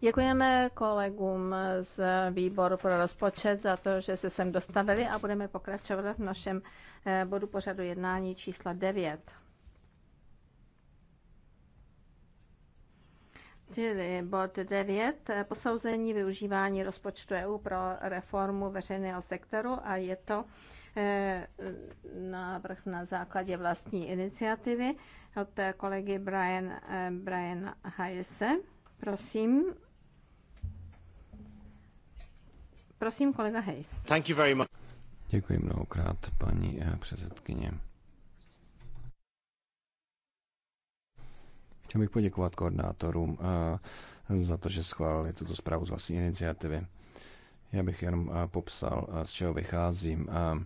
Děkujeme kolegům z výboru pro rozpočet za to, že se sem dostavili a budeme pokračovat v našem eh, bodu pořadu jednání číslo 9. Čili bod 9, eh, posouzení využívání rozpočtu EU pro reformu veřejného sektoru a je to Eh, návrh na základě vlastní iniciativy od kolegy Brian, eh, Brian Hayese. Prosím. Prosím, kolega Hayes. Thank you very much. Děkuji mnohokrát, paní eh, předsedkyně. Chtěl bych poděkovat koordinátorům za to, že schválili tuto zprávu z vlastní iniciativy. Já bych jenom eh, popsal, eh, z čeho vycházím eh,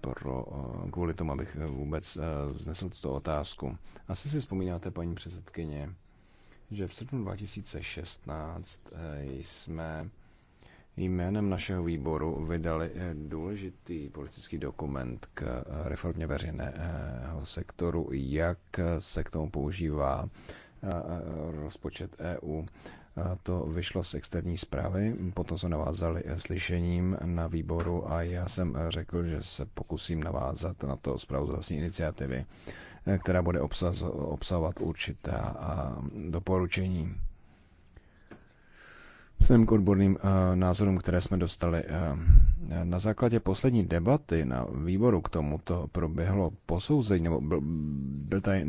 pro, kvůli tomu, abych vůbec vznesl tuto otázku. Asi si vzpomínáte, paní předsedkyně, že v srpnu 2016 jsme jménem našeho výboru vydali důležitý politický dokument k reformě veřejného sektoru, jak se k tomu používá rozpočet EU. A to vyšlo z externí zprávy, potom se navázali eh, slyšením na výboru a já jsem eh, řekl, že se pokusím navázat na to zprávu z vlastní iniciativy, eh, která bude obsahovat určitá doporučení. Vzhledem k odborným uh, názorům, které jsme dostali, uh, na základě poslední debaty na výboru k tomu to proběhlo posouzení, nebo byl, byl tady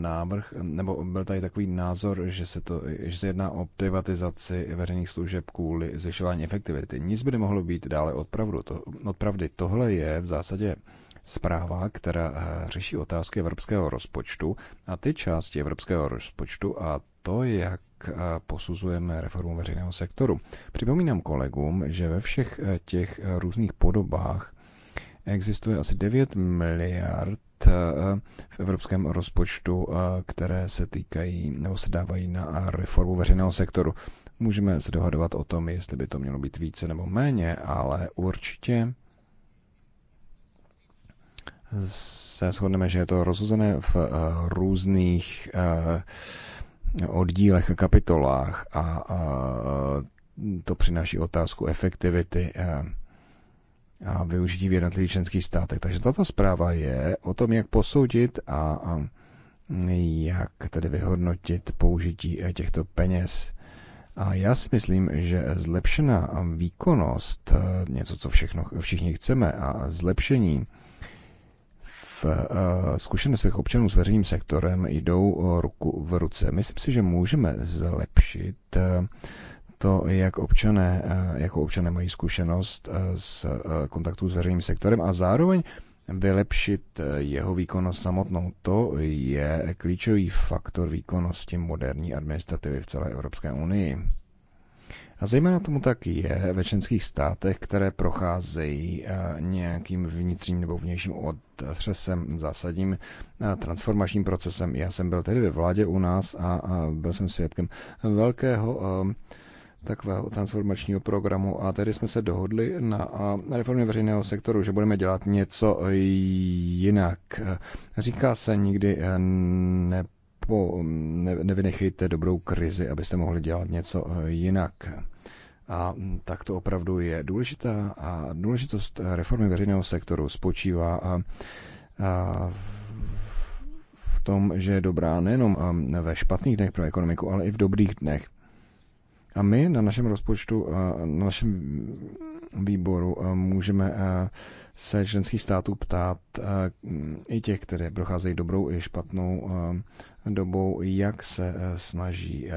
návrh, nebo byl tady takový názor, že se, to, že se jedná o privatizaci veřejných služeb kvůli zvyšování efektivity. Nic by nemohlo být dále od, pravdu. To, od pravdy. Tohle je v zásadě zpráva, která řeší otázky evropského rozpočtu a ty části evropského rozpočtu a to, jak Eh, posuzujeme reformu veřejného sektoru. Připomínám kolegům, že ve všech eh, těch eh, různých podobách existuje asi 9 miliard v evropském rozpočtu, které se týkají nebo se dávají na reformu veřejného sektoru. Můžeme se dohadovat o tom, jestli by to mělo být více nebo méně, ale určitě se shodneme, že je to rozhozené v různých oddílech a kapitolách a, a to přináší otázku efektivity eh, a využití v jednotlivých členských státech. Takže tato zpráva je o tom, jak posoudit a jak tedy vyhodnotit použití eh, těchto peněz. A já si myslím, že zlepšená výkonnost, eh, něco, co všechno, všichni chceme, a zlepšení Eh, zkušenostech občanů s veřejným sektorem jdou eh, ruku v ruce. Myslím si, že můžeme zlepšit eh, to, jak občané, jako občané mají zkušenost s kontaktů s veřejným sektorem a zároveň vylepšit jeho výkonnost samotnou. To je klíčový faktor výkonnosti moderní administrativy v celé Evropské unii. A zejména tomu tak je ve členských státech, které procházejí eh, nějakým vnitřním nebo vnějším otřesem zásadním eh, transformačním procesem. Já jsem byl tedy ve vládě u nás a byl jsem svědkem velkého eh, takového transformačního programu a tedy jsme se dohodli na reformě veřejného sektoru, že budeme dělat něco jinak. Říká se nikdy ne po, mm, ne, nevynechejte dobrou krizi, abyste mohli dělat něco eh, jinak. A mm, tak to opravdu je důležitá. A důležitost eh, reformy veřejného sektoru spočívá a, eh, a v tom, že je dobrá nejenom ve špatných dnech pro ekonomiku, ale i v dobrých dnech. A my na našem rozpočtu, na našem výboru můžeme se členských států ptát eh, i těch, které procházejí dobrou i špatnou eh, dobou, jak se eh, snaží,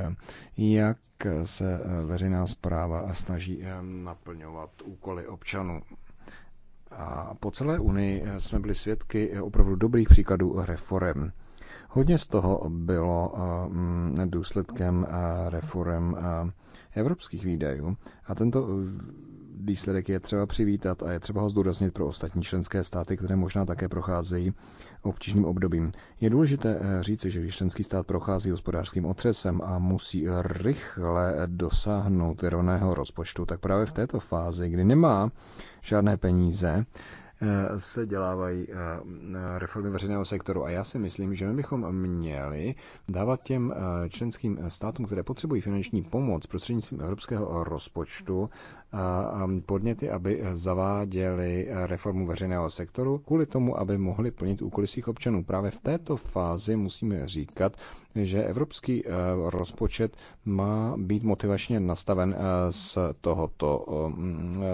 jak se veřejná zpráva snaží naplňovat úkoly občanů. A po celé Unii jsme byli svědky opravdu dobrých příkladů reform. Hodně z toho bylo důsledkem reform evropských výdajů a tento výsledek je třeba přivítat a je třeba ho zdůraznit pro ostatní členské státy, které možná také procházejí obtížným obdobím. Je důležité eh, říci, že když členský stát prochází hospodářským otřesem a musí rychle dosáhnout vyrovného rozpočtu, tak právě v této fázi, kdy nemá žádné peníze, eh, se dělávají eh, reformy veřejného sektoru. A já si myslím, že my bychom měli dávat těm členským státům, které potřebují finanční pomoc prostřednictvím evropského rozpočtu, podněty, aby zaváděli reformu veřejného sektoru, kvůli tomu, aby mohli plnit úkoly svých občanů. Právě v této fázi musíme říkat, že evropský e, rozpočet má být motivačně nastaven e, z tohoto,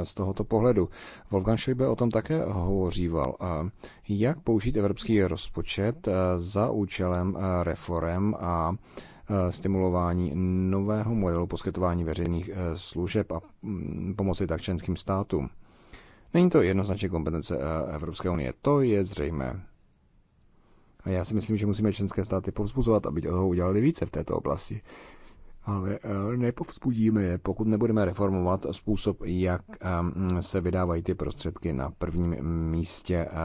e, z tohoto pohledu. Wolfgang Schäuble o tom také hovoříval. Jak použít evropský rozpočet za účelem reform a Eh, stimulování nového modelu poskytování veřejných eh, služeb a mm, pomoci tak členským státům. Není to jednoznačně kompetence eh, Evropské unie, to je zřejmé. A já si myslím, že musíme členské státy povzbuzovat, aby toho udělali více v této oblasti ale eh, nepovzbudíme je, pokud nebudeme reformovat způsob, jak eh, se vydávají ty prostředky na prvním místě eh,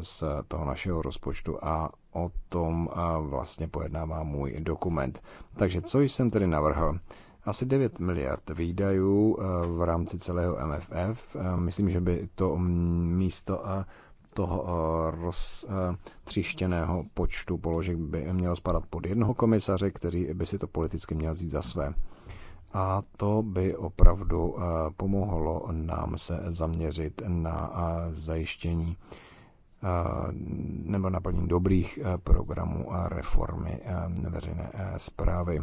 z toho našeho rozpočtu a o tom vlastně pojednává můj dokument. Takže co jsem tedy navrhl? Asi 9 miliard výdajů v rámci celého MFF. Myslím, že by to místo toho eh, roztříštěného eh, počtu položek by mělo spadat pod jednoho komisaře, který by si to politicky měl vzít za své. A to by opravdu eh, pomohlo nám se zaměřit na zajištění nebo naplnění dobrých programů a reformy veřejné zprávy.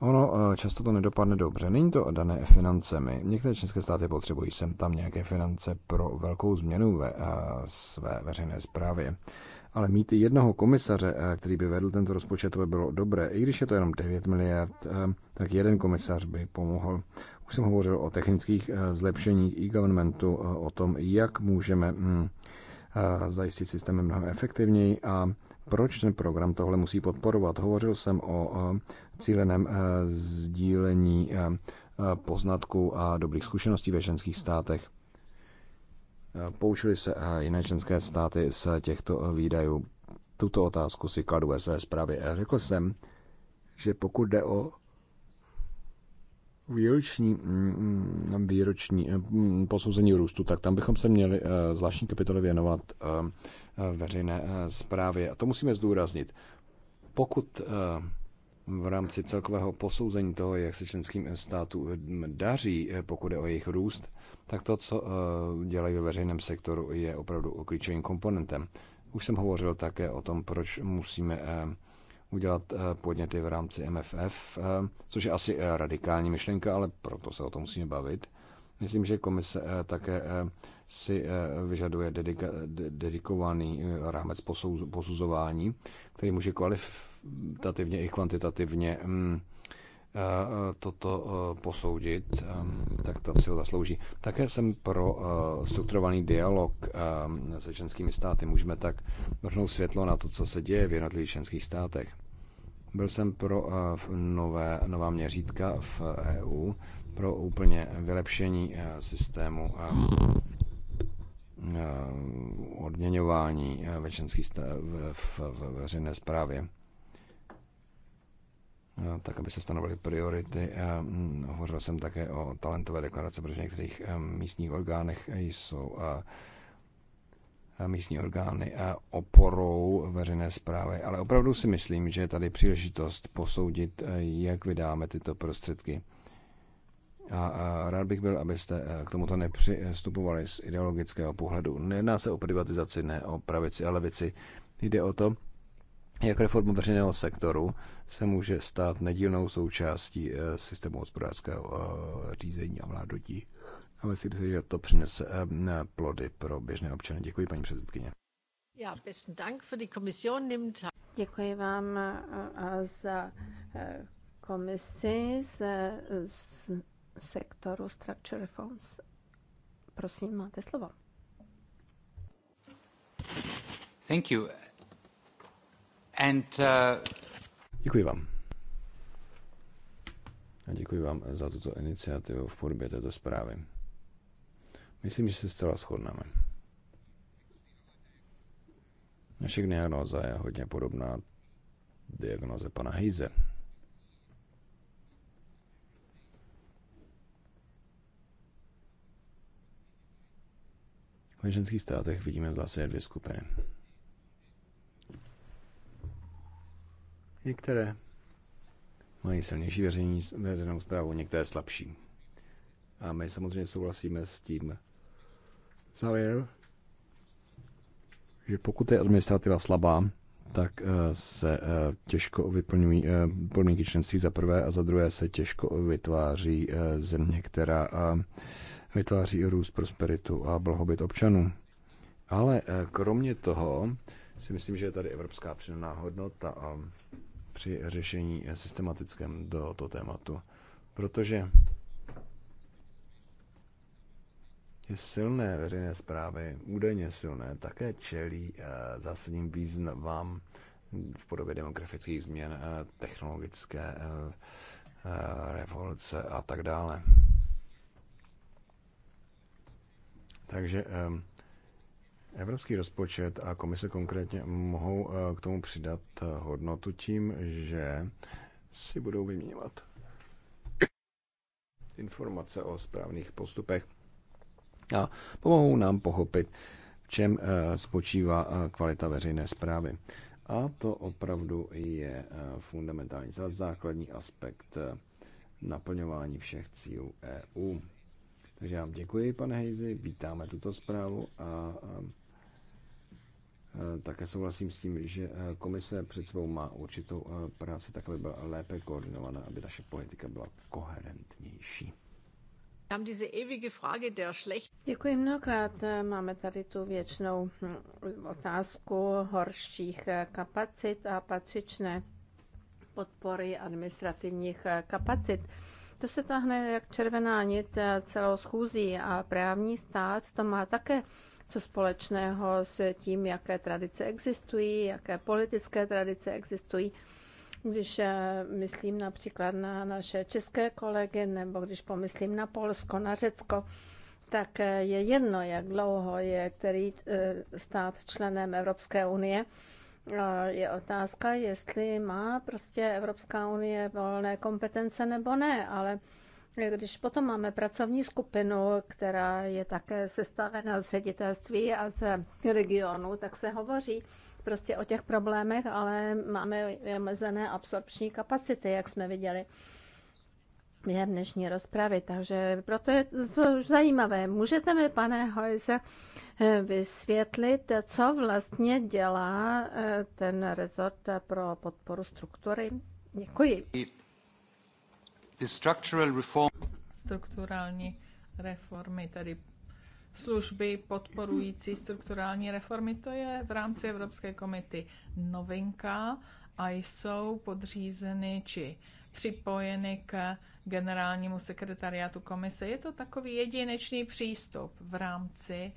Ono eh, často to nedopadne dobře. Není to dané financemi. Některé české státy potřebují sem tam nějaké finance pro velkou změnu ve eh, své veřejné zprávě. Ale mít jednoho komisaře, eh, který by vedl tento rozpočet, by bylo dobré. I když je to jenom 9 miliard, tak jeden komisař by pomohl. Už jsem hovořil o technických zlepšeních i governmentu, o tom, jak můžeme hm, zajistit systémy mnohem efektivněji a proč ten program tohle musí podporovat. Hovořil jsem o cíleném eh, sdílení eh, eh, poznatků a dobrých zkušeností ve ženských státech. Poučili se jiné ženské státy z těchto výdajů. Tuto otázku si kladu ve své zprávě. řekl jsem, že pokud jde o výroční, mm, výroční mm, posouzení růstu, tak tam bychom se měli zvláštní kapitoly věnovat veřejné zprávě. A to musíme zdůraznit. Pokud v rámci celkového posouzení toho, jak se členským státu eh, daří, eh, pokud je o jejich růst, tak to, co eh, dělají ve veřejném sektoru, je opravdu klíčovým komponentem. Už jsem hovořil také o tom, proč musíme udělat podněty v rámci MFF, což je asi radikální myšlenka, ale proto se o tom musíme bavit. Myslím, že komise také si vyžaduje dedika, dedikovaný rámec posuzování, který může kvalif kvalitativně i kvantitativně mm, eh, toto eh, posoudit, eh, tak to si ho zaslouží. Také jsem pro strukturovaný dialog se členskými státy. Můžeme tak vrhnout světlo na to, co se děje v jednotlivých členských státech. Byl jsem pro nové, nová měřítka v EU, pro úplně vylepšení systému odměňování ve, v, v, v veřejné správě. Eh, tak aby se stanovily priority. Eh, mm, hovořil jsem také o talentové deklarace, protože v některých eh, místních orgánech jsou místní orgány oporou veřejné zprávy, ale opravdu si myslím, že je tady příležitost posoudit, jak vydáme tyto prostředky. A rád bych byl, abyste k tomuto nepřistupovali z ideologického pohledu. Nejedná se o privatizaci, ne o pravici a levici. Jde o to, jak reforma veřejného sektoru se může stát nedílnou součástí eh, systému hospodářského eh, řízení a vládnutí. A myslím si, že to přinese eh, plody pro běžné občany. Děkuji, paní předsedkyně. Ja, besten Dank für die Kommission. Nimmt... Děkuji vám za komisi z, z sektoru Structure Reforms. Prosím, máte slovo. Thank you. And, uh, Děkuji vám. A děkuji vám za tuto iniciativu v podobě této zprávy. Myslím, že se zcela shodneme. Naše diagnoza je hodně podobná diagnoze pana Heize. V ženských státech vidíme v dvě skupiny. Některé mají silnější veřejní, veřejnou zprávu, některé slabší. A my samozřejmě souhlasíme s tím závěrem, že pokud je administrativa slabá, tak eh, se eh, těžko vyplňují eh, podmínky členství za prvé a za druhé se těžko vytváří země, která vytváří růst, prosperitu a blahobyt občanů. Ale kromě toho si myslím, že je tady evropská přidaná hodnota a při řešení systematickém do tohoto tématu. Protože je silné veřejné zprávy, údajně silné, také čelí eh, zásadním význam v podobě demografických změn, eh, technologické eh, revoluce a tak dále. Takže um, Evropský rozpočet a komise konkrétně mohou eh, k tomu přidat eh, hodnotu tím, že si budou vyměňovat informace o správných postupech a pomohou nám pochopit, v čem eh, spočívá kvalita veřejné zprávy. A to opravdu je fundamentální, za základní aspekt naplňování všech cílů EU. Takže já vám děkuji, pane Hejzi, vítáme tuto zprávu a Eh, také souhlasím s tím, že eh, komise před sebou má určitou eh, práci, tak aby byla lépe koordinovaná, aby naše politika byla koherentnější. Děkuji mnohokrát. Máme tady tu věčnou hm, otázku horších kapacit a patřičné podpory administrativních kapacit. To se tahne jak červená nit celou schůzí a právní stát to má také co společného s tím, jaké tradice existují, jaké politické tradice existují. Když eh, myslím například na naše české kolegy, nebo když pomyslím na Polsko, na Řecko, tak eh, je jedno, jak dlouho je který eh, stát členem Evropské unie. Je otázka, jestli má prostě Evropská unie volné kompetence nebo ne, ale když potom máme pracovní skupinu, která je také sestavena z ředitelství a z regionu, tak se hovoří prostě o těch problémech, ale máme omezené absorpční kapacity, jak jsme viděli během dnešní rozpravy. Takže proto je to už zajímavé. Můžete mi, pane Hojze, vysvětlit, co vlastně dělá eh, ten rezort pro podporu struktury? Děkuji. Strukturální reformy, tedy služby podporující strukturální reformy, to je v rámci Evropské komity novinka a jsou podřízeny či připojeny k generálnímu sekretariátu komise. Je to takový jedinečný přístup v rámci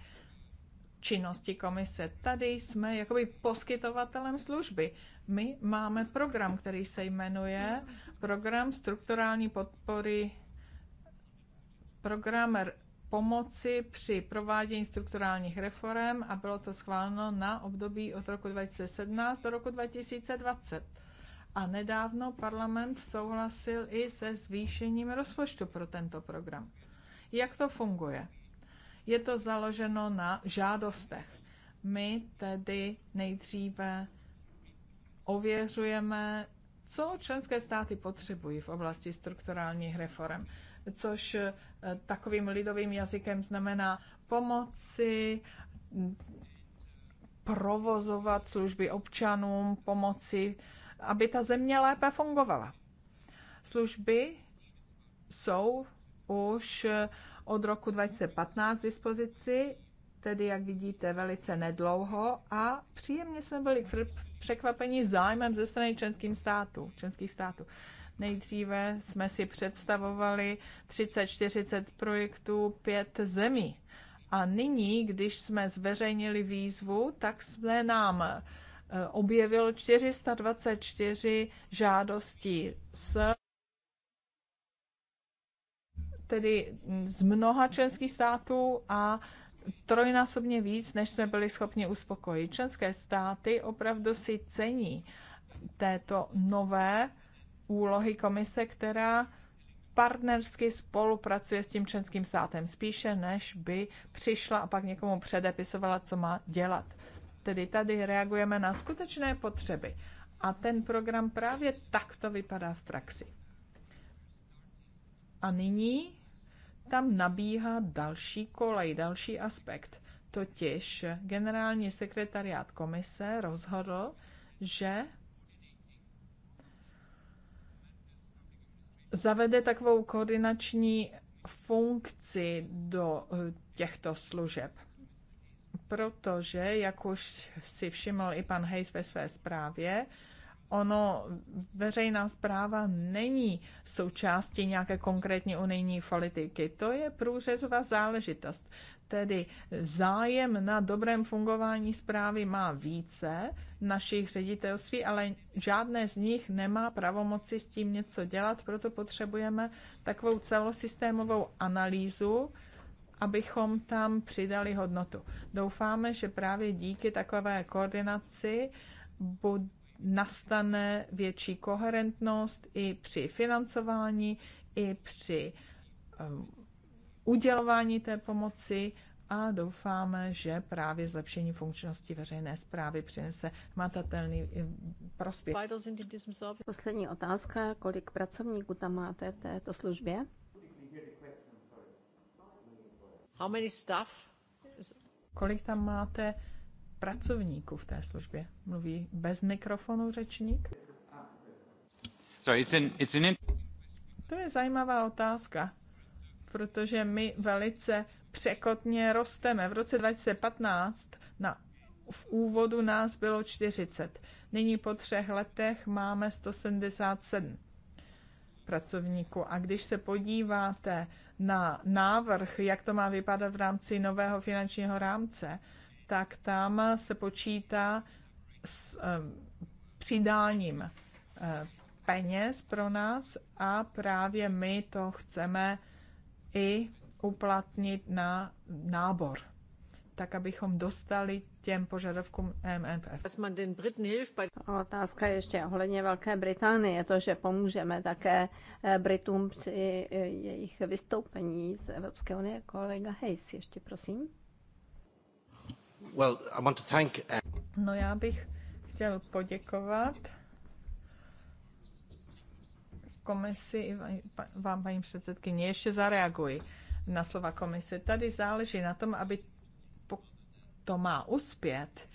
činnosti komise. Tady jsme jakoby poskytovatelem služby. My máme program, který se jmenuje Program strukturální podpory, program pomoci při provádění strukturálních reform a bylo to schváleno na období od roku 2017 do roku 2020. A nedávno parlament souhlasil i se zvýšením rozpočtu pro tento program. Jak to funguje? Je to založeno na žádostech. My tedy nejdříve ověřujeme, co členské státy potřebují v oblasti strukturálních reform, což eh, takovým lidovým jazykem znamená pomoci provozovat služby občanům, pomoci, aby ta země lépe fungovala. Služby jsou už eh, od roku 2015 dispozici, tedy jak vidíte velice nedlouho a příjemně jsme byli překvapeni zájmem ze strany členským států, členských států. Nejdříve jsme si představovali 30-40 projektů pět zemí. A nyní, když jsme zveřejnili výzvu, tak jsme nám eh, objevil 424 žádostí s tedy z mnoha členských států a trojnásobně víc, než jsme byli schopni uspokojit. Členské státy opravdu si cení této nové úlohy komise, která partnersky spolupracuje s tím členským státem, spíše než by přišla a pak někomu předepisovala, co má dělat. Tedy tady reagujeme na skutečné potřeby. A ten program právě takto vypadá v praxi. A nyní tam nabíhá další kolej, další aspekt. Totiž generální sekretariát komise rozhodl, že zavede takovou koordinační funkci do eh, těchto služeb. Protože, jak už si všiml i pan Hayes ve své zprávě, ono veřejná zpráva není součástí nějaké konkrétní unijní politiky. To je průřezová záležitost. Tedy zájem na dobrém fungování zprávy má více našich ředitelství, ale žádné z nich nemá pravomoci s tím něco dělat, proto potřebujeme takovou celosystémovou analýzu, abychom tam přidali hodnotu. Doufáme, že právě díky takové koordinaci bude nastane větší koherentnost i při financování, i při ehm, udělování té pomoci a doufáme, že právě zlepšení funkčnosti veřejné zprávy přinese matatelný prospěch. Poslední otázka, kolik pracovníků tam máte v této službě? Kolik tam máte pracovníků v té službě. Mluví bez mikrofonu řečník? Sorry, it's an, it's an... To je zajímavá otázka, protože my velice překotně rosteme. V roce 2015 na, v úvodu nás bylo 40. Nyní po třech letech máme 177 pracovníků. A když se podíváte na návrh, jak to má vypadat v rámci nového finančního rámce, tak tam se počítá s eh, přidáním eh, peněz pro nás a právě my to chceme i uplatnit na nábor, tak abychom dostali těm požadavkům MFF. Otázka ještě ohledně Velké Británie je to, že pomůžeme také eh, Britům při jejich vystoupení z Evropské unie. Kolega Hayes, ještě prosím. Uh, no já bych chtěl poděkovat komisi i vám, paní předsedkyně. Ještě zareaguji na slova komise. Tady záleží na tom, aby to má uspět,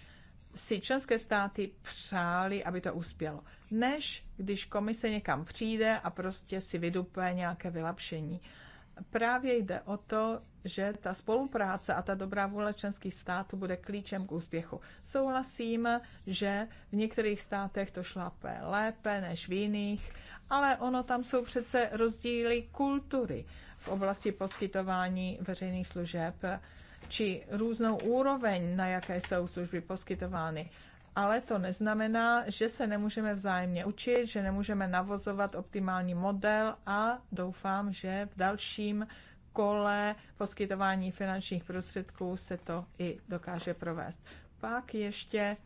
si členské státy přáli, aby to uspělo. Než když komise někam přijde a prostě si vydupuje nějaké vylepšení právě jde o to, že ta spolupráce a ta dobrá vůle členských států bude klíčem k úspěchu. Souhlasím, že v některých státech to šlape lépe než v jiných, ale ono tam jsou přece rozdíly kultury v oblasti poskytování veřejných služeb či různou úroveň, na jaké jsou služby poskytovány ale to neznamená, že se nemůžeme vzájemně učit, že nemůžeme navozovat optimální model a doufám, že v dalším kole poskytování finančních prostředků se to i dokáže provést. Pak ještě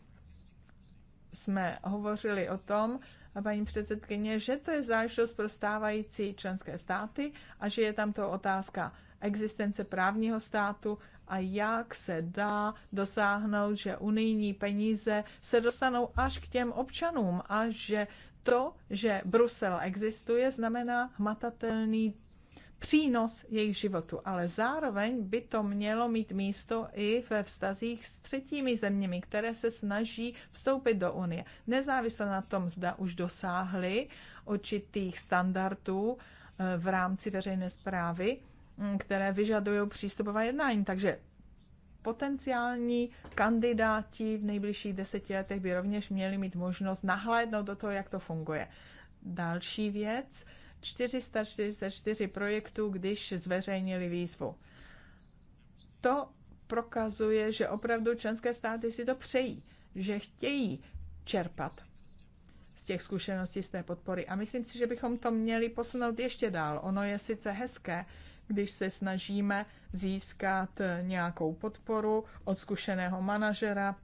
jsme hovořili o tom, paní předsedkyně, že to je záležitost pro stávající členské státy a že je tam to otázka existence právního státu a jak se dá dosáhnout, že unijní peníze se dostanou až k těm občanům a že to, že Brusel existuje, znamená hmatatelný přínos jejich životu, ale zároveň by to mělo mít místo i ve vztazích s třetími zeměmi, které se snaží vstoupit do Unie. Nezávisle na tom, zda už dosáhly určitých standardů eh, v rámci veřejné zprávy, Mm, které vyžadují přístupová jednání. Takže potenciální kandidáti v nejbližších deseti letech by rovněž měli mít možnost nahlédnout do toho, jak to funguje. Další věc, 444 projektů, když zveřejnili výzvu. To prokazuje, že opravdu členské státy si to přejí, že chtějí čerpat z těch zkušeností, z té podpory. A myslím si, že bychom to měli posunout ještě dál. Ono je sice hezké, když se snažíme získat nějakou podporu od zkušeného manažera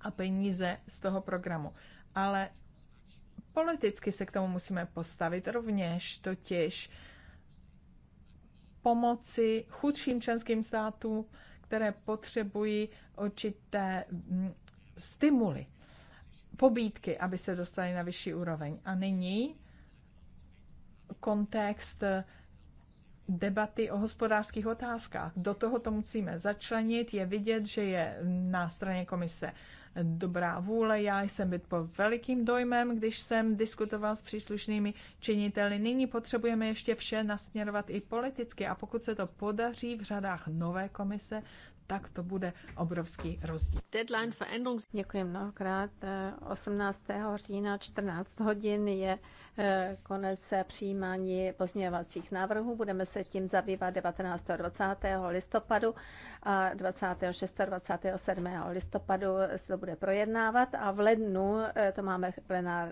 a peníze z toho programu. Ale politicky se k tomu musíme postavit rovněž, totiž pomoci chudším členským státům, které potřebují určité mm, stimuly, pobídky, aby se dostali na vyšší úroveň. A nyní kontext debaty o hospodářských otázkách. Do toho to musíme začlenit. Je vidět, že je na straně komise dobrá vůle. Já jsem byl pod velikým dojmem, když jsem diskutoval s příslušnými činiteli. Nyní potřebujeme ještě vše nasměrovat i politicky a pokud se to podaří v řadách nové komise, tak to bude obrovský rozdíl. Deadline Děkuji mnohokrát. Eh, 18. října 14 hodin je Eh, konec přijímání pozměňovacích návrhů. Budeme se tím zabývat 19. 20. listopadu a 26. 27. listopadu se to bude projednávat a v lednu eh, to máme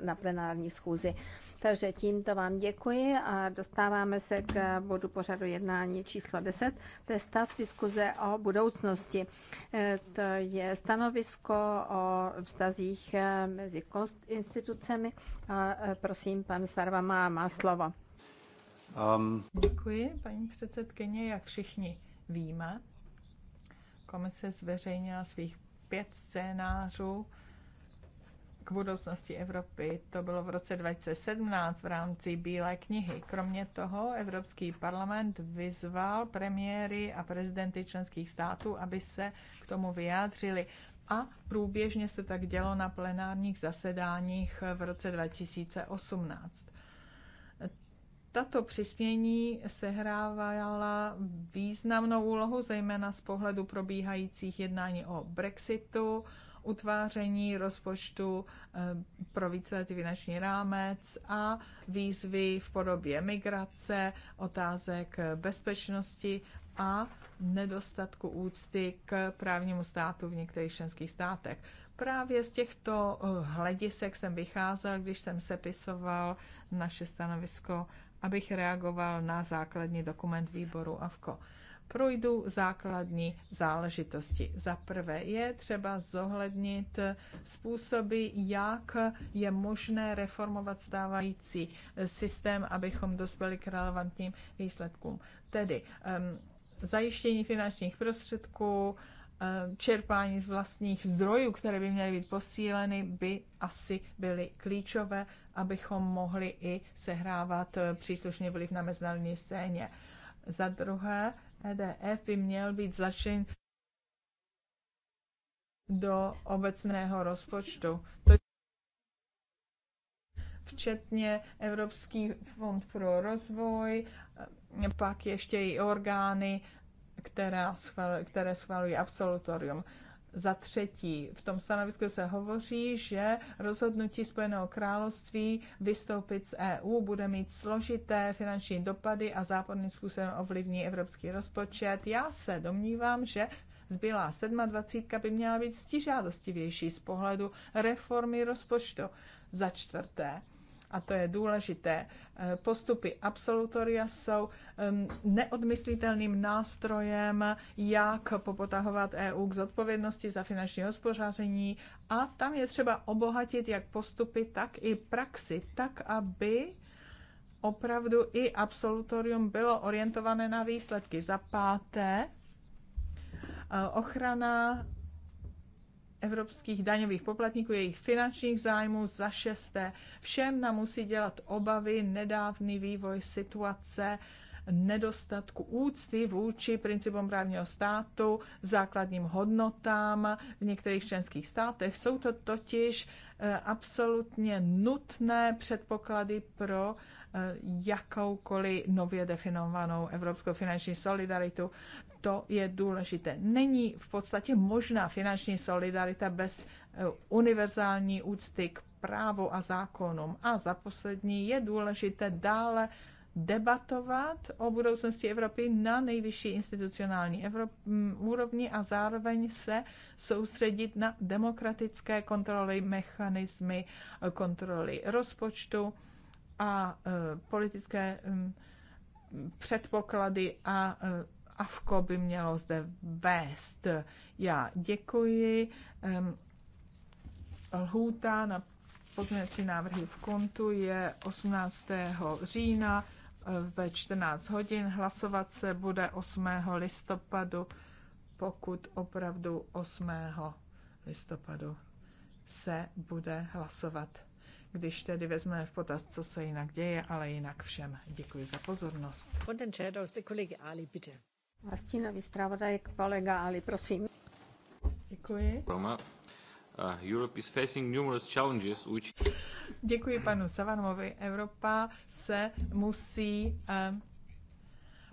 na plenární schůzi. Takže tímto vám děkuji a dostáváme se k bodu pořadu jednání číslo 10. To je stav diskuze o budoucnosti. E, to je stanovisko o vztazích e, mezi institucemi. A e, prosím, pan Sarva má, má slovo. Um. Děkuji, paní předsedkyně. Jak všichni víme, komise zveřejnila svých pět scénářů budoucnosti Evropy. To bylo v roce 2017 v rámci Bílé knihy. Kromě toho Evropský parlament vyzval premiéry a prezidenty členských států, aby se k tomu vyjádřili. A průběžně se tak dělo na plenárních zasedáních v roce 2018. Tato přispění sehrávala významnou úlohu, zejména z pohledu probíhajících jednání o Brexitu, utváření rozpočtu eh, pro víceletý finanční rámec a výzvy v podobě migrace, otázek bezpečnosti a nedostatku úcty k právnímu státu v některých členských státech. Právě z těchto eh, hledisek jsem vycházel, když jsem sepisoval naše stanovisko, abych reagoval na základní dokument výboru AVKO projdu základní záležitosti. Za prvé je třeba zohlednit způsoby, jak je možné reformovat stávající systém, abychom dospěli k relevantním výsledkům. Tedy um, zajištění finančních prostředků, čerpání z vlastních zdrojů, které by měly být posíleny, by asi byly klíčové, abychom mohli i sehrávat příslušný vliv na mezinárodní scéně. Za druhé, EDF by měl být začlen do obecného rozpočtu. To včetně Evropský fond pro rozvoj, pak ještě i orgány která schval, které schvaluje absolutorium. Za třetí, v tom stanovisku se hovoří, že rozhodnutí Spojeného království vystoupit z EU bude mít složité finanční dopady a západným způsobem ovlivní evropský rozpočet. Já se domnívám, že zbylá 27 by měla být stižádostivější z pohledu reformy rozpočtu. Za čtvrté, a to je důležité, e, postupy absolutoria jsou neodmyslitelným nástrojem, jak popotahovat EU k zodpovědnosti za finanční hospodaření a tam je třeba obohatit jak postupy, tak i praxi, tak aby opravdu i absolutorium bylo orientované na výsledky. Za páté, e, ochrana evropských daňových poplatníků, jejich finančních zájmů. Za šesté, všem nám musí dělat obavy nedávný vývoj situace, nedostatku úcty vůči principům právního státu, základním hodnotám v některých členských státech. Jsou to totiž eh, absolutně nutné předpoklady pro Eh, jakoukoliv nově definovanou evropskou finanční solidaritu. To je důležité. Není v podstatě možná finanční solidarita bez eh, univerzální úcty k právu a zákonům. A za poslední je důležité dále debatovat o budoucnosti Evropy na nejvyšší institucionální Evrop- mm, úrovni a zároveň se soustředit na demokratické kontroly, mechanismy eh, kontroly rozpočtu a e, politické mm, předpoklady a e, AFKO by mělo zde vést. Já děkuji. Lhůta na pozměňovací návrhy v kontu je 18. října e, ve 14 hodin. Hlasovat se bude 8. listopadu, pokud opravdu 8. listopadu se bude hlasovat když tedy vezmeme v potaz, co se jinak děje, ale jinak všem děkuji za pozornost. A stínový zpravodaj kolega Ali, prosím. Děkuji. Roma. Uh, Europe is facing numerous challenges which... Děkuji panu Savanovi. Evropa se musí uh,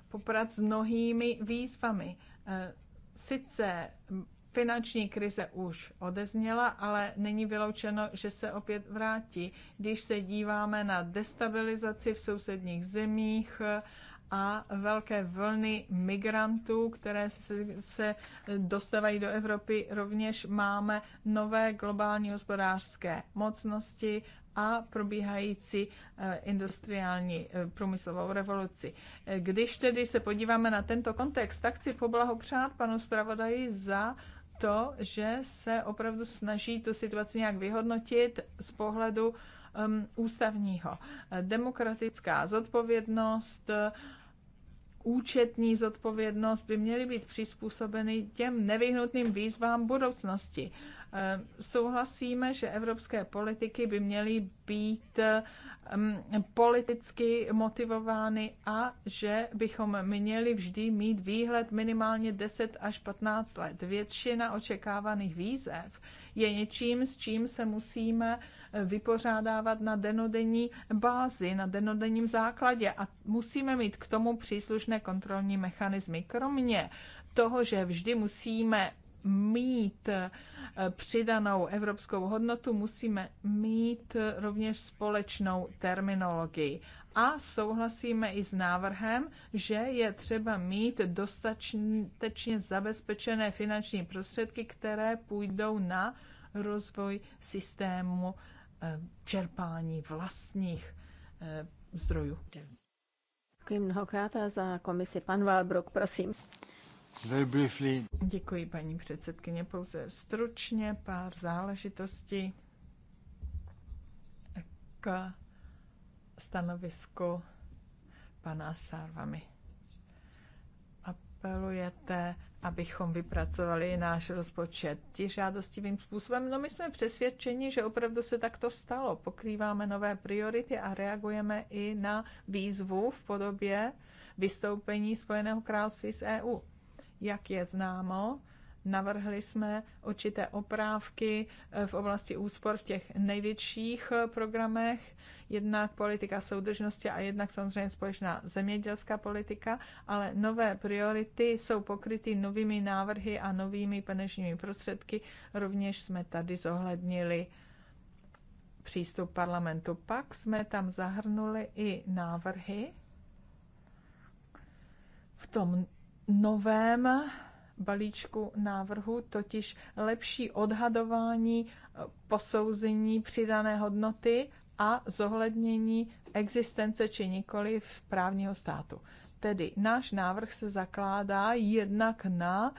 poprat s mnohými výzvami. Uh, sice Finanční krize už odezněla, ale není vyloučeno, že se opět vrátí. Když se díváme na destabilizaci v sousedních zemích a velké vlny migrantů, které se dostávají do Evropy, rovněž máme nové globální hospodářské mocnosti a probíhající eh, industriální eh, průmyslovou revoluci. Eh, když tedy se podíváme na tento kontext, tak chci poblahopřát panu zpravodaji za to, že se opravdu snaží tu situaci nějak vyhodnotit z pohledu um, ústavního. Demokratická zodpovědnost, účetní zodpovědnost by měly být přizpůsobeny těm nevyhnutným výzvám budoucnosti. Eh, souhlasíme, že evropské politiky by měly být mm, politicky motivovány a že bychom měli vždy mít výhled minimálně 10 až 15 let. Většina očekávaných výzev je něčím, s čím se musíme vypořádávat na denodenní bázi, na denodenním základě a musíme mít k tomu příslušné kontrolní mechanismy. Kromě toho, že vždy musíme mít eh, přidanou evropskou hodnotu, musíme mít rovněž společnou terminologii. A souhlasíme i s návrhem, že je třeba mít dostatečně zabezpečené finanční prostředky, které půjdou na rozvoj systému Eh, čerpání vlastních eh, zdrojů. Děkuji mnohokrát a za komisi. Pan Valbrok, prosím. Very briefly. Děkuji, paní předsedkyně. Pouze stručně pár záležitostí k stanovisku pana Sárvami. Apelujete abychom vypracovali náš rozpočet ti žádostivým způsobem. No my jsme přesvědčeni, že opravdu se takto stalo. Pokrýváme nové priority a reagujeme i na výzvu v podobě vystoupení Spojeného království z EU. Jak je známo, Navrhli jsme určité oprávky eh, v oblasti úspor v těch největších eh, programech, jednak politika soudržnosti a jednak samozřejmě společná zemědělská politika, ale nové priority jsou pokryty novými návrhy a novými peněžními prostředky. Rovněž jsme tady zohlednili přístup parlamentu. Pak jsme tam zahrnuli i návrhy v tom novém balíčku návrhu, totiž lepší odhadování eh, posouzení přidané hodnoty a zohlednění existence či nikoli v právního státu. Tedy náš návrh se zakládá jednak na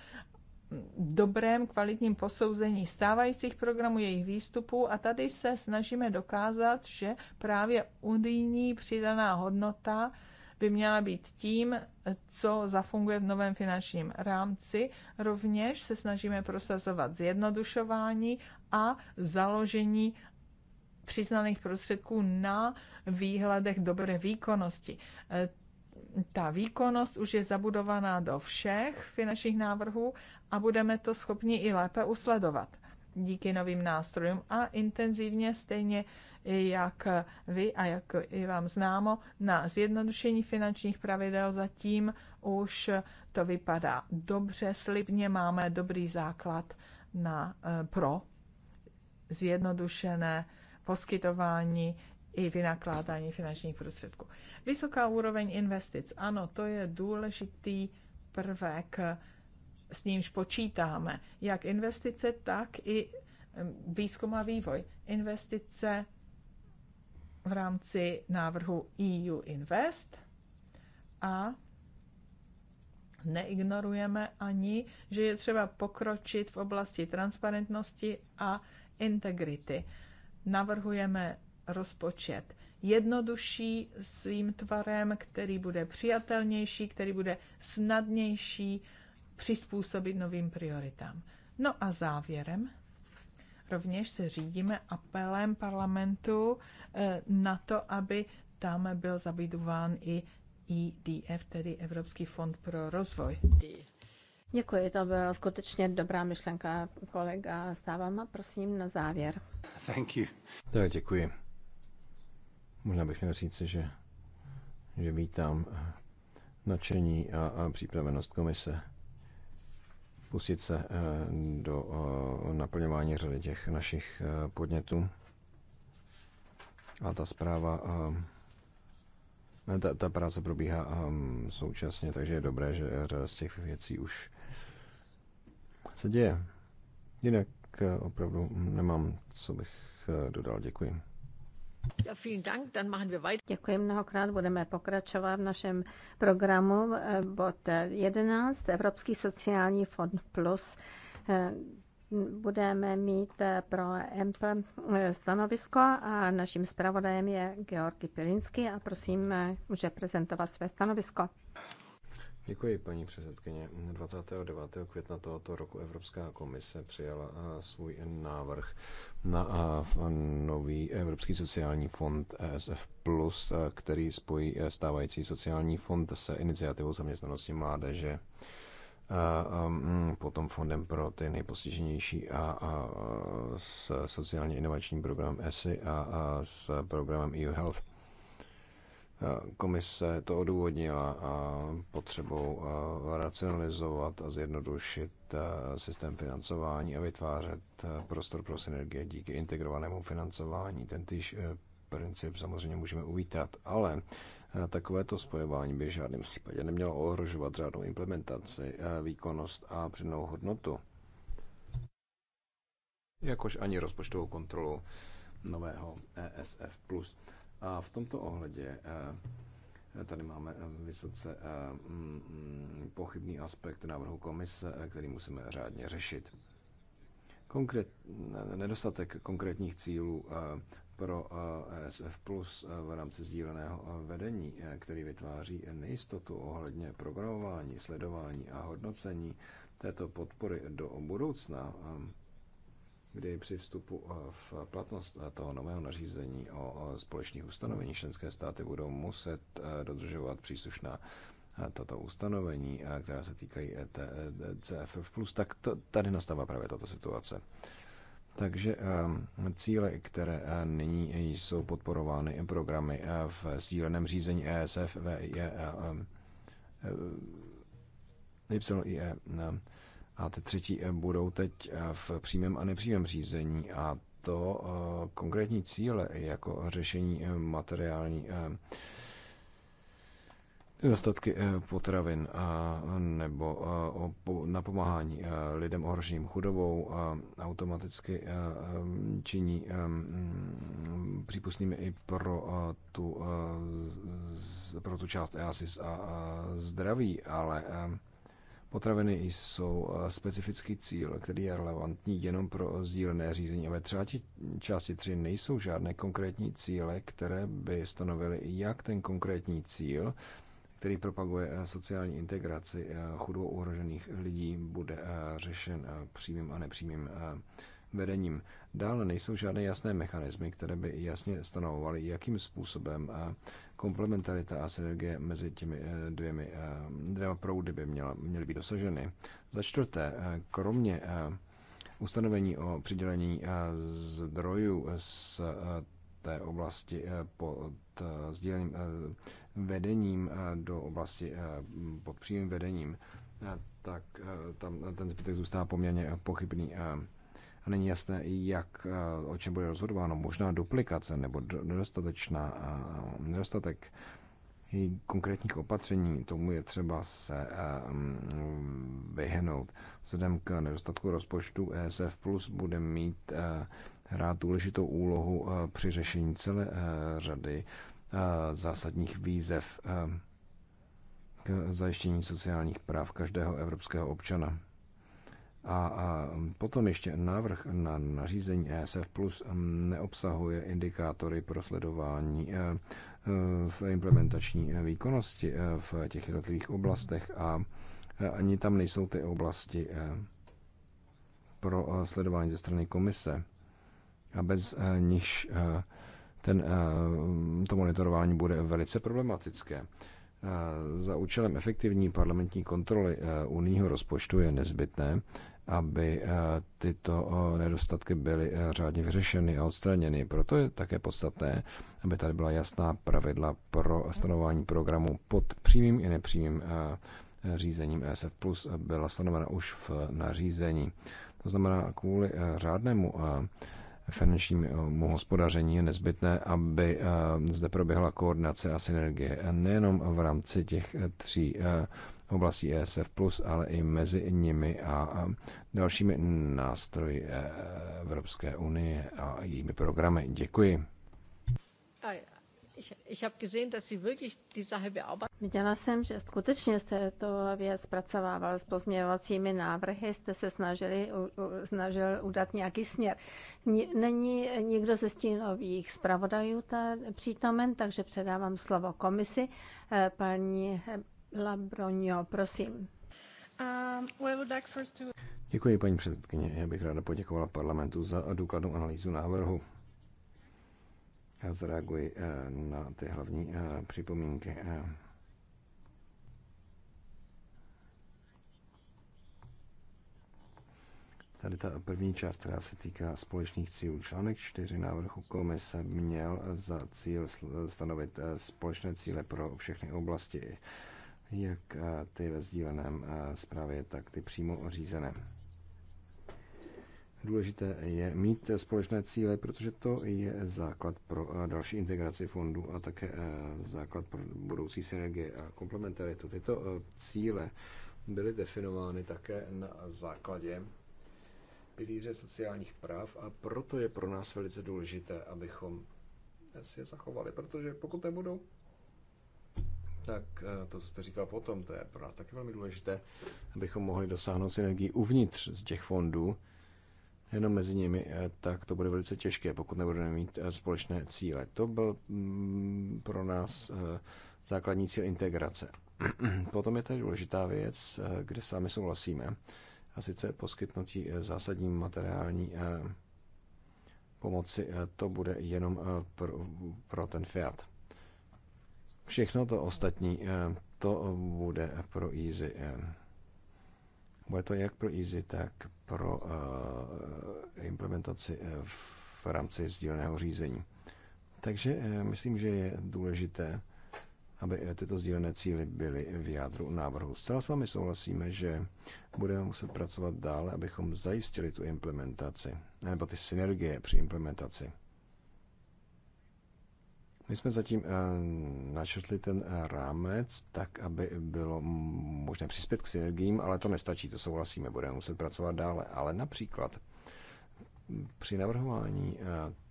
mm, dobrém kvalitním posouzení stávajících programů, jejich výstupů a tady se snažíme dokázat, že právě unijní přidaná hodnota by měla být tím, co zafunguje v novém finančním rámci. Rovněž se snažíme prosazovat zjednodušování a založení přiznaných prostředků na výhledech dobré výkonnosti. Ta výkonnost už je zabudovaná do všech finančních návrhů a budeme to schopni i lépe usledovat díky novým nástrojům a intenzivně stejně jak vy a jak i vám známo, na zjednodušení finančních pravidel zatím už to vypadá dobře, slibně máme dobrý základ na, eh, pro zjednodušené poskytování i vynakládání finančních prostředků. Vysoká úroveň investic, ano, to je důležitý prvek s nímž počítáme, jak investice, tak i výzkum a vývoj. Investice v rámci návrhu EU Invest a neignorujeme ani, že je třeba pokročit v oblasti transparentnosti a integrity. Navrhujeme rozpočet jednodušší svým tvarem, který bude přijatelnější, který bude snadnější přizpůsobit novým prioritám. No a závěrem, rovněž se řídíme apelem parlamentu eh, na to, aby tam byl zabydován i EDF, tedy Evropský fond pro rozvoj. Děkuji, to byla skutečně dobrá myšlenka kolega Sávama. Prosím na závěr. Thank you. Tak, děkuji. Možná bych měl říct, že, že vítám eh, nadšení a, a připravenost komise pustit se eh, do eh, naplňování řady těch našich eh, podnětů. A ta zpráva, ta, ta práce probíhá současně, takže je dobré, že řada z těch věcí už se děje. Jinak opravdu nemám, co bych dodal. Děkuji. Děkuji mnohokrát, budeme pokračovat v našem programu eh, bod 11, eh, Evropský sociální fond plus. Eh, budeme mít pro EMP stanovisko a naším zpravodajem je Georgi Pilinsky a prosím, může prezentovat své stanovisko. Děkuji, paní předsedkyně. 29. května tohoto roku Evropská komise přijala svůj návrh na nový Evropský sociální fond ESF+, který spojí e, stávající sociální fond se iniciativou zaměstnanosti mládeže mm, potom fondem pro ty nejpostiženější a, a s sociálně inovačním programem ESI a, a s programem EU Health. Komise to odůvodnila potřebou racionalizovat a zjednodušit systém financování a vytvářet prostor pro synergie díky integrovanému financování. Ten týž e, princip samozřejmě můžeme uvítat, ale e, takovéto spojování by v žádném případě nemělo ohrožovat řádnou implementaci, e, výkonnost a přednou hodnotu, jakož ani rozpočtovou kontrolu nového ESF+. A v tomto ohledě eh, tady máme eh, vysoce eh, mm, mm, pochybný aspekt návrhu komise, který musíme řádně řešit. Konkret, nedostatek konkrétních cílů pro SF Plus v rámci sdíleného vedení, který vytváří nejistotu ohledně programování, sledování a hodnocení této podpory do budoucna, kdy při vstupu eh, v platnost eh, toho nového nařízení o společných ustanovení členské státy budou muset eh, dodržovat příslušná tato ustanovení, která se týkají ET, e, CFF+, tak to, tady nastává právě tato situace. Takže cíle, které nyní jsou podporovány programy v sdíleném řízení ESF, VIE, YIE, a ty třetí eh, budou teď eh, v přímém a nepřímém řízení a to eh, konkrétní cíle jako řešení materiální nedostatky potravin a, nebo a, o, napomáhání a, lidem ohroženým chudobou a, automaticky a, činí a, m, mm, přípustnými i pro, a, tu, a, z, pro tu část EASIS a, a zdraví, ale a, Potraviny jsou eh, specifický cíl, který je relevantní jenom pro sdílené řízení a ve třetí části 3 nejsou žádné konkrétní cíle, které by stanovily, jak ten konkrétní cíl, který propaguje eh, sociální integraci eh, chudou ohrožených lidí, bude řešen přímým a nepřímým vedením. Dále nejsou žádné jasné mechanismy, které by jasně stanovovaly, jakým způsobem eh, komplementarita a synergie mezi těmi eh, dvěmi, eh, dvěma proudy by měla, měly být dosaženy. Za čtvrté, kromě ustanovení o přidělení zdrojů z té oblasti pod sdíleným vedením do oblasti pod přímým vedením, tak tam ten zbytek zůstává poměrně pochybný není jasné, jak, eh, o čem bude rozhodováno. Možná duplikace nebo nedostatečná, eh, nedostatek konkrétních opatření, tomu je třeba se eh, mm, vyhnout. Vzhledem k nedostatku rozpočtu ESF Plus bude mít hrát důležitou úlohu při řešení celé řady zásadních výzev k zajištění sociálních práv každého evropského občana. A, a potom ještě návrh na nařízení ESF Plus neobsahuje indikátory pro sledování e, e, v implementační výkonnosti e, v těch jednotlivých oblastech a ani tam nejsou ty oblasti pro sledování ze strany komise. A bez nich ten, to monitorování bude velice problematické. Za účelem efektivní parlamentní kontroly unijního rozpočtu je nezbytné, aby eh, tyto eh, nedostatky byly eh, řádně vyřešeny a odstraněny. Proto je také podstatné, aby tady byla jasná pravidla pro stanování programu pod přímým i nepřímým řízením ESF+, byla stanovena už v nařízení. To znamená, kvůli řádnému finančnímu hospodaření je nezbytné, aby zde proběhla koordinace a synergie nejenom v rámci těch tří oblastí ESF+, ale i mezi nimi a dalšími nástroji e, Evropské unie a jejími programy. Děkuji. Ah, Viděla jsem, že skutečně jste to věc zpracovával s pozměňovacími návrhy, jste se snažili, u, u, snažil udat nějaký směr. Není nikdo ze stínových zpravodajů přítomen, takže předávám slovo komisi. E, paní Labronio, prosím. Um, Děkuji, paní předsedkyně. Já bych ráda poděkovala parlamentu za důkladnou analýzu návrhu. Já zareaguji eh, na ty hlavní eh, připomínky. Eh. Tady ta první část, která se týká společných cílů. Článek 4 návrhu komise měl za cíl stanovit společné cíle pro všechny oblasti jak eh, ty ve sdíleném zprávě, eh, tak ty přímo řízené. Důležité je mít společné cíle, protože to je základ pro eh, další integraci fondů a také základ pro budoucí synergie a komplementaritu. Tyto cíle byly definovány také na základě pilíře sociálních práv a proto je pro nás velice důležité, abychom si je zachovali, protože pokud nebudou, tak eh, to, co jste říkal potom, to je pro nás taky velmi důležité, abychom mohli dosáhnout synergii uvnitř z těch fondů, jenom mezi nimi, eh, tak to bude velice těžké, pokud nebudeme mít eh, společné cíle. To byl mm, pro nás základní cíl integrace. Potom je tady důležitá věc, kde s vámi souhlasíme, a sice poskytnutí zásadní materiální pomoci, to bude jenom pro, pro ten Fiat. Všechno to ostatní, eh, to eh, bude pro Easy. Eh, bude to jak pro Easy, tak pro implementaci v rámci sdíleného řízení. Takže myslím, že je důležité, aby tyto sdílené cíly byly v jádru návrhu. Zcela s vámi souhlasíme, že budeme muset pracovat dále, abychom zajistili tu implementaci, nebo ty synergie při implementaci. My jsme zatím eh, načrtli ten eh, rámec tak, aby bylo možné přispět k synergiím, ale to nestačí, to souhlasíme, budeme muset pracovat dále. Ale například při navrhování eh,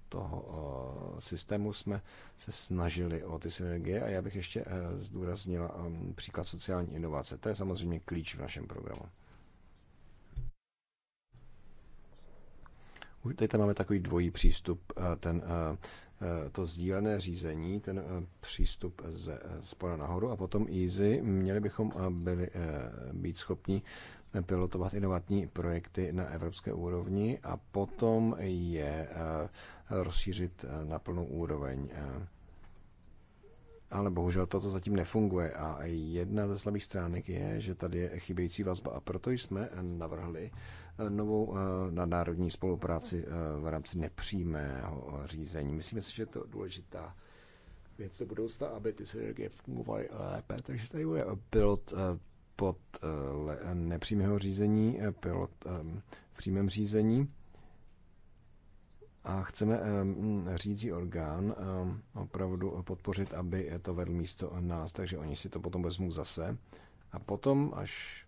toho systému jsme se snažili o ty synergie a já bych ještě zdůraznila příklad sociální inovace. To je samozřejmě klíč v našem programu. Už tady máme takový dvojí přístup, ten Eh, to sdílené řízení, ten eh, přístup ze spora eh, nahoru a potom easy, měli bychom byli, být schopni pilotovat inovatní projekty na evropské úrovni a potom je rozšířit na plnou úroveň. Ale bohužel toto zatím nefunguje a jedna ze slabých stránek je, že tady je chybějící vazba a proto jsme navrhli novou eh, na národní spolupráci eh, v rámci nepřímého řízení. Myslím si, že to je důležitá věc do budoucna, aby ty synergie fungovaly lépe. Takže tady bude pilot eh, pod nepřímého řízení, pilot v přímém řízení. A chceme mm, řídící orgán opravdu podpořit, aby to vedl místo nás, takže oni si to potom vezmou zase. A potom, až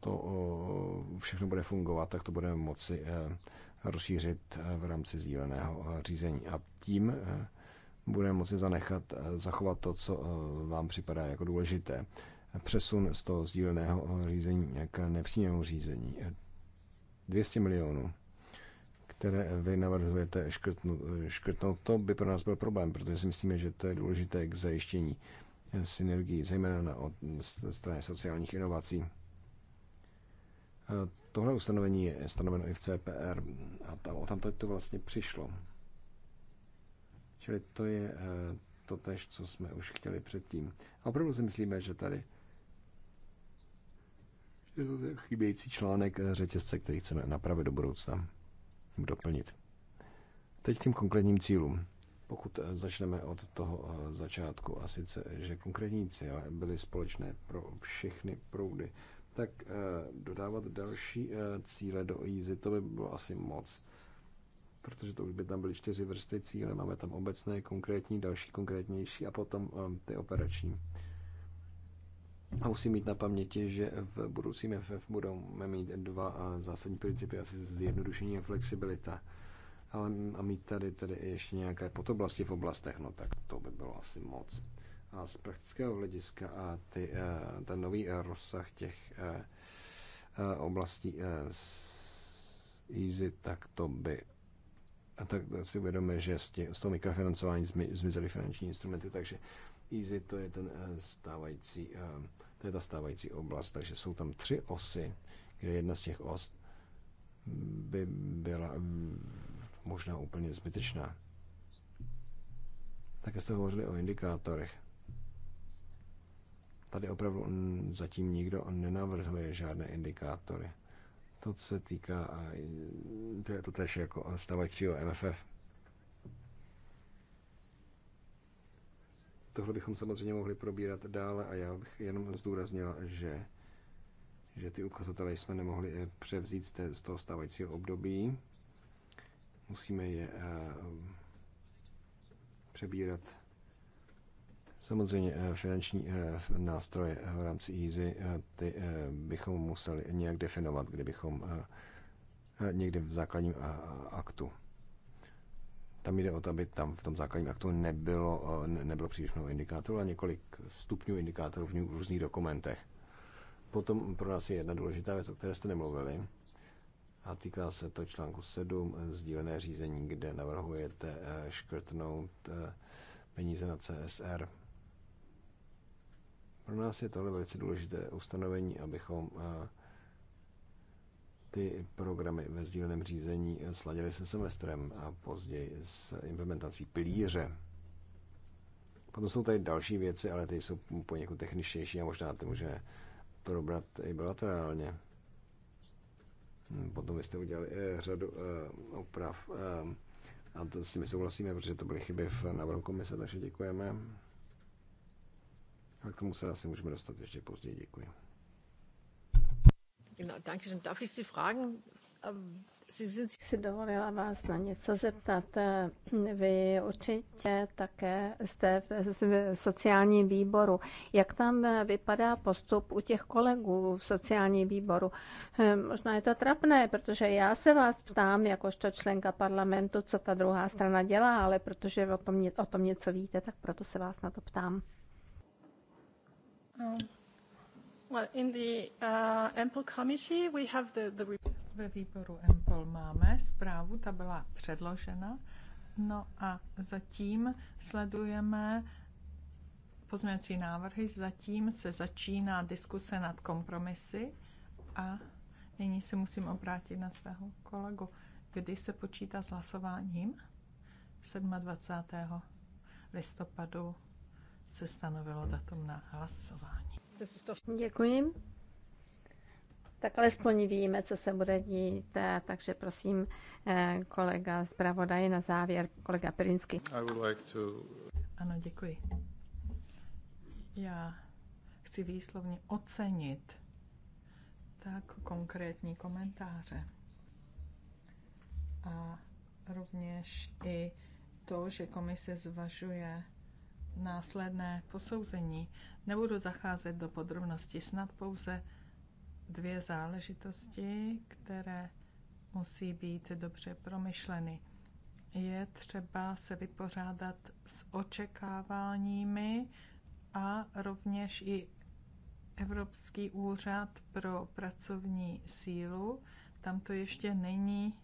to eh, všechno bude fungovat, tak to budeme moci eh, rozšířit eh, v rámci sdíleného řízení. A tím budeme moci zanechat, zachovat to, co vám připadá jako důležité. Přesun z toho sdíleného řízení k nepřímému řízení. 200 milionů, které vy navrhujete škrtnout, škrtnout, to by pro nás byl problém, protože si myslíme, že to je důležité k zajištění synergii, zejména na strany sociálních inovací. Eh, tohle ustanovení je stanoveno i v CPR a tam, o tamto to vlastně přišlo. Čili to je eh, to tež, co jsme už chtěli předtím. A opravdu si myslíme, že tady je to chybějící článek eh, řetězce, který chceme napravit do budoucna, doplnit. Teď k těm konkrétním cílům. Pokud začneme od toho začátku, a sice, že konkrétní cíle byly společné pro všechny proudy tak eh, dodávat další eh, cíle do EASY, to by bylo asi moc. Protože to už by tam byly čtyři vrstvy cíle, máme tam obecné, konkrétní, další konkrétnější a potom eh, ty operační. A musím mít na paměti, že v budoucím FF budeme mít dva zásadní principy, asi zjednodušení a flexibilita. Ale mm, a mít tady tedy ještě nějaké podoblasti v oblastech, no tak to by bylo asi moc. A z praktického hlediska a ty, eh, ten nový eh, rozsah těch eh, oblastí easy, tak to by a tak si uvědomíme, že z, tě, z toho mikrofinancování zmizely finanční instrumenty, takže easy to je ten stávající, to je ta stávající oblast, takže jsou tam tři osy, kde jedna z těch os by byla možná úplně zbytečná. Také jste hovořili o indikátorech. Tady opravdu zatím nikdo nenavrhuje žádné indikátory. To se týká, to je to tež jako stávajícího MFF. Tohle bychom samozřejmě mohli probírat dále a já bych jenom zdůraznil, že, že ty ukazatele jsme nemohli eh, převzít z, z toho stávajícího období. Musíme je eh, přebírat Samozřejmě eh, finanční eh, nástroje eh, v rámci EASY, ty bychom museli nějak definovat, kdybychom někde v základním aktu. Tam jde o to, aby tam v tom základním aktu nebylo, nebylo příliš mnoho indikátorů a několik stupňů indikátorů v různých dokumentech. Potom pro nás je jedna důležitá věc, o které jste nemluvili, a týká se to článku 7, sdílené řízení, kde navrhujete škrtnout peníze na CSR. Pro nás je tohle velice důležité ustanovení, abychom eh, ty programy ve sdíleném řízení eh, sladili se semestrem a později s implementací pilíře. Potom jsou tady další věci, ale ty jsou poněkud techničtější a možná ty může probrat i bilaterálně. Hmm, potom jste udělali eh, řadu oprav a to s nimi souhlasíme, protože to byly chyby v návrhu komise, takže děkujeme. A k tomu se asi můžeme dostat ještě později. Děkuji. Genau, danke si ähm, dovolila vás na něco zeptat. Vy určitě také jste v sociálním výboru. Jak tam vypadá postup u těch kolegů v sociálním výboru? Hm, možná je to trapné, protože já se vás ptám, jakožto členka parlamentu, co ta druhá strana dělá, ale protože o tom, o tom něco víte, tak proto se vás na to ptám. No. Uh, Ve výboru EMPOL máme zprávu, ta byla předložena. No a zatím sledujeme pozměňovací návrhy, zatím se začíná diskuse nad kompromisy a nyní se musím obrátit na svého kolegu. Kdy se počítá s hlasováním? 27. listopadu se stanovilo datum na hlasování. Děkuji. Tak alespoň víme, co se bude dít, eh, takže prosím eh, kolega zpravodaj na závěr, kolega Pirinsky. Like to... Ano, děkuji. Já chci výslovně ocenit tak konkrétní komentáře. A rovněž i to, že komise zvažuje následné posouzení. Nebudu zacházet do podrobností, snad pouze dvě záležitosti, které musí být dobře promyšleny. Je třeba se vypořádat s očekáváními a rovněž i Evropský úřad pro pracovní sílu. Tam to ještě není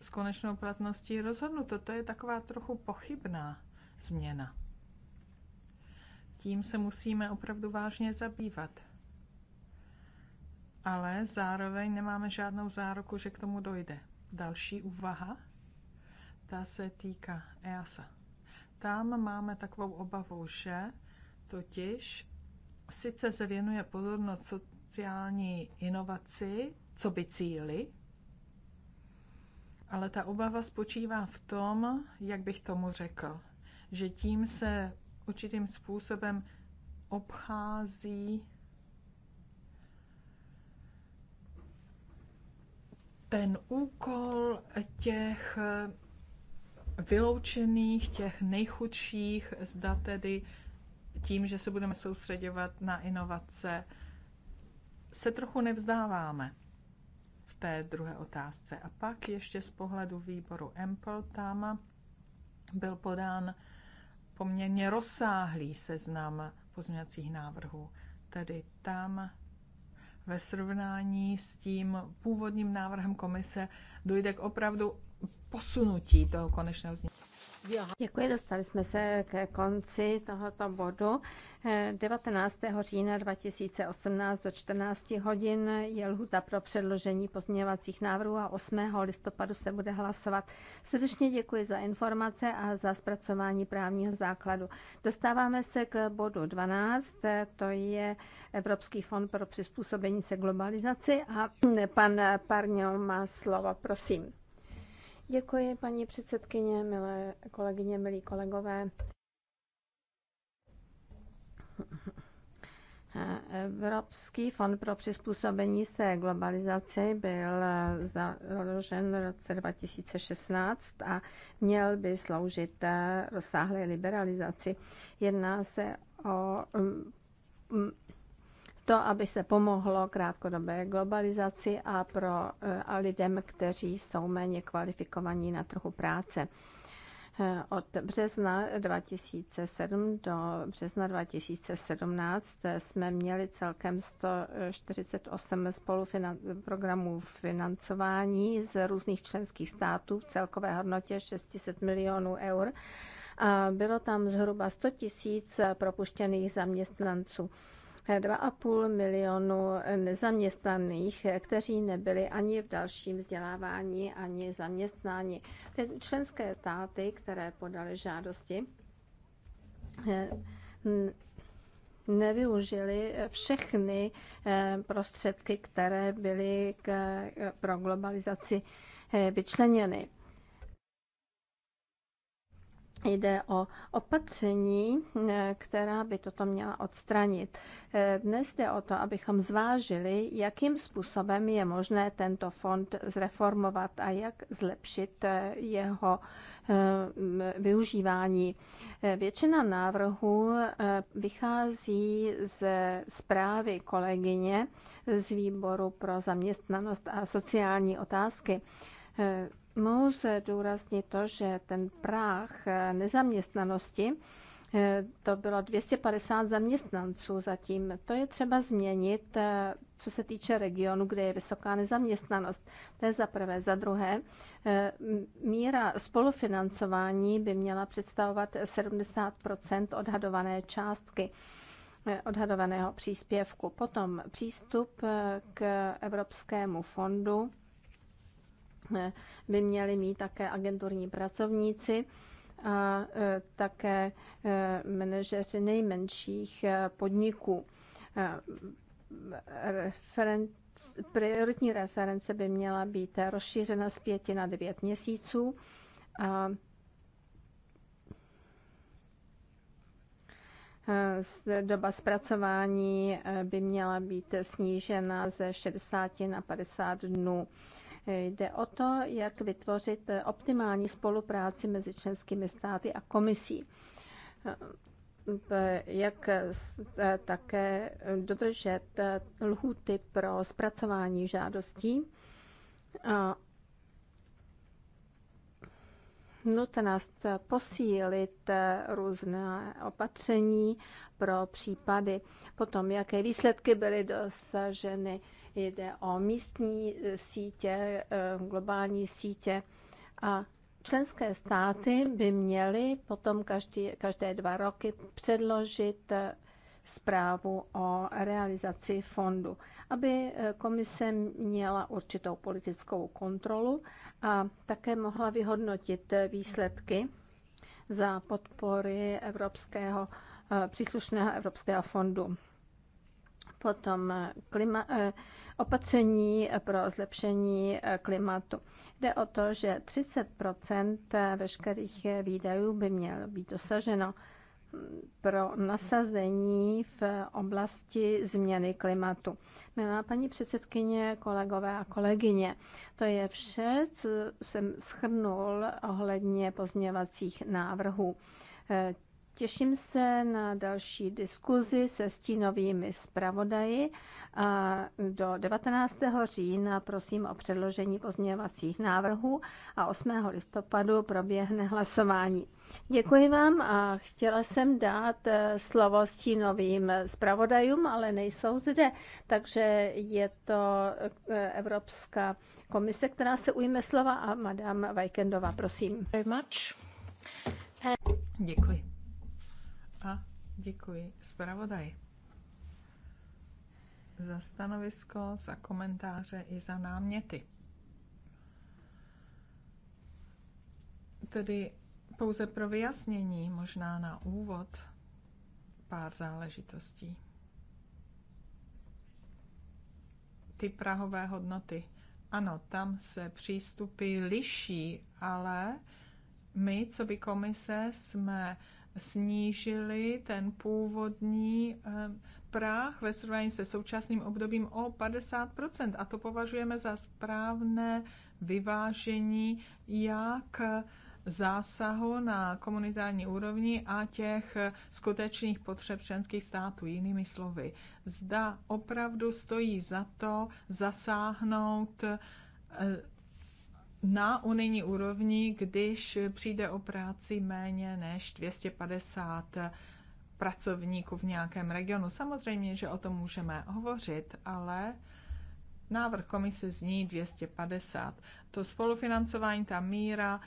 s konečnou platností rozhodnuto. To je taková trochu pochybná změna. Tím se musíme opravdu vážně zabývat. Ale zároveň nemáme žádnou záruku, že k tomu dojde. Další úvaha, ta se týká EASA. Tam máme takovou obavu, že totiž sice se věnuje pozornost sociální inovaci, co by cíli, ale ta obava spočívá v tom, jak bych tomu řekl že tím se určitým způsobem obchází ten úkol těch vyloučených, těch nejchudších, zda tedy tím, že se budeme soustředovat na inovace, se trochu nevzdáváme v té druhé otázce. A pak ještě z pohledu výboru Empl tam byl podán poměrně rozsáhlý seznam pozměňovacích návrhů. Tedy tam ve srovnání s tím původním návrhem komise dojde k opravdu posunutí toho konečného znění. Děkuji, dostali jsme se ke konci tohoto bodu. 19. Eh, října 2018 do 14 hodin je lhuta pro předložení pozměňovacích návrhů a 8. listopadu se bude hlasovat. Srdečně děkuji za informace a za zpracování právního základu. Dostáváme se k bodu 12, eh, to je Evropský fond pro přizpůsobení se globalizaci a pan Parňo má slovo, prosím. Děkuji, paní předsedkyně, milé kolegyně, milí kolegové. Evropský fond pro přizpůsobení se globalizaci byl založen v roce 2016 a měl by sloužit rozsáhlé liberalizaci. Jedná se o mm, to, aby se pomohlo krátkodobé globalizaci a pro eh, a lidem, kteří jsou méně kvalifikovaní na trhu práce. Eh, od března 2007 do března 2017 eh, jsme měli celkem 148 spolufinan- programů financování z různých členských států v celkové hodnotě 600 milionů eur. A bylo tam zhruba 100 tisíc propuštěných zaměstnanců. 2,5 milionu nezaměstnaných, kteří nebyli ani v dalším vzdělávání, ani zaměstnání. Ty členské státy, které podaly žádosti, eh, nevyužili všechny eh, prostředky, které byly k, eh, pro globalizaci vyčleněny. Jde o opatření, eh, která by toto měla odstranit. Eh, dnes jde o to, abychom zvážili, jakým způsobem je možné tento fond zreformovat a jak zlepšit eh, jeho využívání. Většina návrhů vychází z zprávy kolegyně z výboru pro zaměstnanost a sociální otázky Mohu se důraznit to, že ten práh eh, nezaměstnanosti, eh, to bylo 250 zaměstnanců zatím. To je třeba změnit, eh, co se týče regionu, kde je vysoká nezaměstnanost. To je za prvé. Za druhé, míra spolufinancování by měla představovat 70 odhadované částky odhadovaného příspěvku. Potom přístup k Evropskému fondu by měli mít také agenturní pracovníci a e, také e, manažeři nejmenších e, podniků. Reference, prioritní reference by měla být rozšířena z pěti na devět měsíců. A doba zpracování by měla být snížena ze 60 na 50 dnů. Jde o to, jak vytvořit optimální spolupráci mezi členskými státy a komisí jak také dodržet lhuty pro zpracování žádostí. Nutnost posílit různé opatření pro případy, potom jaké výsledky byly dosaženy jde o místní e, sítě, e, globální sítě a Členské státy by měly potom každý, každé dva roky předložit e, zprávu o realizaci fondu, aby komise měla určitou politickou kontrolu a také mohla vyhodnotit výsledky za podpory Evropského, příslušného Evropského fondu. Potom eh, klima, eh, opatření pro zlepšení eh, klimatu. Jde o to, že 30 veškerých výdajů by mělo být dosaženo mm, pro nasazení v oblasti změny klimatu. Milá paní předsedkyně, kolegové a kolegyně, to je vše, co jsem schrnul ohledně pozměňovacích návrhů. Těším se na další diskuzi se stínovými zpravodaji a do 19. října prosím o předložení pozměňovacích návrhů a 8. listopadu proběhne hlasování. Děkuji vám a chtěla jsem dát eh, slovo stínovým zpravodajům, ale nejsou zde, takže je to eh, Evropská komise, která se ujme slova a madame Vajkendová, prosím. Very much. Děkuji a děkuji zpravodaji za stanovisko, za komentáře i za náměty. Tedy pouze pro vyjasnění, možná na úvod, pár záležitostí. Ty prahové hodnoty. Ano, tam se přístupy liší, ale my, co by komise, jsme snížili ten původní eh, práh ve srovnání se současným obdobím o 50%. A to považujeme za správné vyvážení jak zásahu na komunitární úrovni a těch skutečných potřeb členských států. Jinými slovy, zda opravdu stojí za to zasáhnout eh, na unijní úrovni, když přijde o práci méně než 250 pracovníků v nějakém regionu. Samozřejmě, že o tom můžeme hovořit, ale návrh komise zní 250. To spolufinancování, ta míra,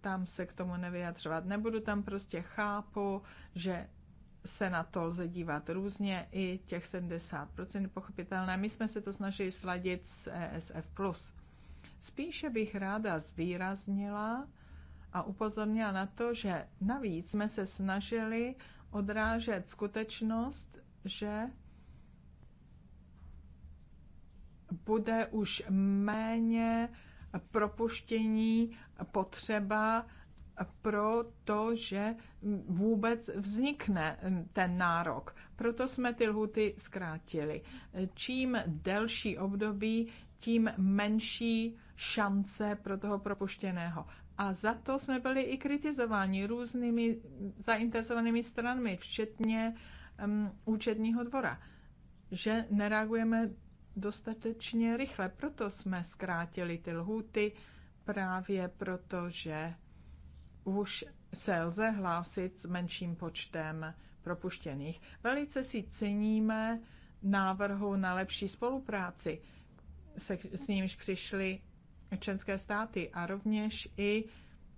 tam se k tomu nevyjadřovat nebudu, tam prostě chápu, že se na to lze dívat různě, i těch 70% pochopitelné. My jsme se to snažili sladit s ESF+. Spíše bych ráda zvýraznila a upozornila na to, že navíc jsme se snažili odrážet skutečnost, že bude už méně propuštění potřeba pro to, že vůbec vznikne ten nárok. Proto jsme ty lhuty zkrátili. Čím delší období, tím menší šance pro toho propuštěného. A za to jsme byli i kritizováni různými zainteresovanými stranami, včetně um, účetního dvora, že nereagujeme dostatečně rychle. Proto jsme zkrátili ty lhuty, právě proto, že už se lze hlásit s menším počtem propuštěných. Velice si ceníme návrhu na lepší spolupráci, se, s nímž přišli členské státy a rovněž i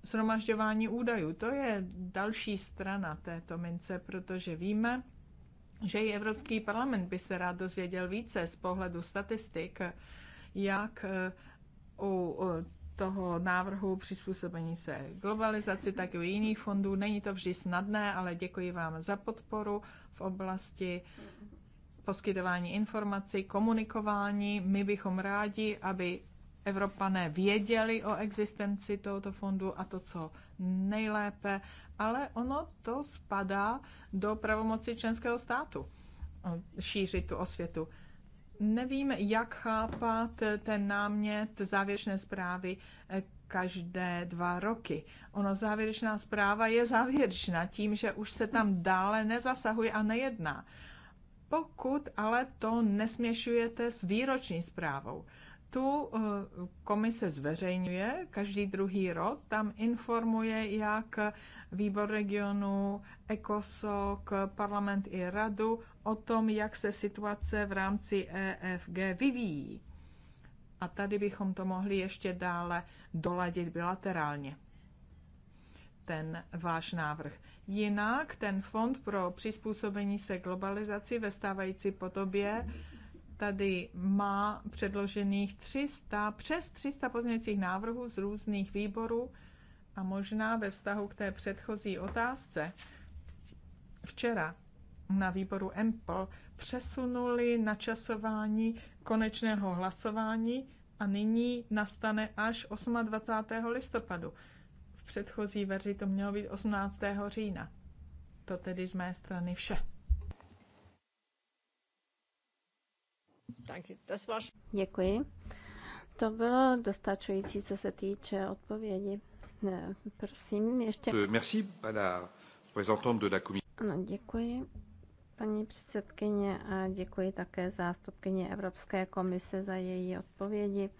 shromažďování údajů. To je další strana této mince, protože víme, že i Evropský parlament by se rád dozvěděl více z pohledu statistik, jak eh, u eh, toho návrhu přizpůsobení se globalizaci, tak i u jiných fondů. Není to vždy snadné, ale děkuji vám za podporu v oblasti poskytování informací, komunikování. My bychom rádi, aby Evropané věděli o existenci tohoto fondu a to, co nejlépe, ale ono to spadá do pravomoci členského státu šířit tu osvětu. Nevím, jak chápat ten námět závěrečné zprávy eh, každé dva roky. Ono závěrečná zpráva je závěrečná tím, že už se tam dále nezasahuje a nejedná. Pokud ale to nesměšujete s výroční zprávou, tu eh, komise zveřejňuje každý druhý rok, tam informuje jak výbor regionu, ECOSOC, parlament i radu o tom, jak se situace v rámci EFG vyvíjí. A tady bychom to mohli ještě dále doladit bilaterálně. Ten váš návrh. Jinak ten fond pro přizpůsobení se globalizaci ve stávající podobě tady má předložených 300, přes 300 pozměňovacích návrhů z různých výborů a možná ve vztahu k té předchozí otázce. Včera na výboru EMPL přesunuli načasování konečného hlasování a nyní nastane až 28. listopadu. V předchozí verzi to mělo být 18. října. To tedy z mé strany vše. Děkuji. To bylo dostačující, co se týče odpovědi. prosím, ještě. Euh, merci, de la Ano, děkuji, paní předsedkyně, a děkuji také zástupkyně Evropské komise za její odpovědi.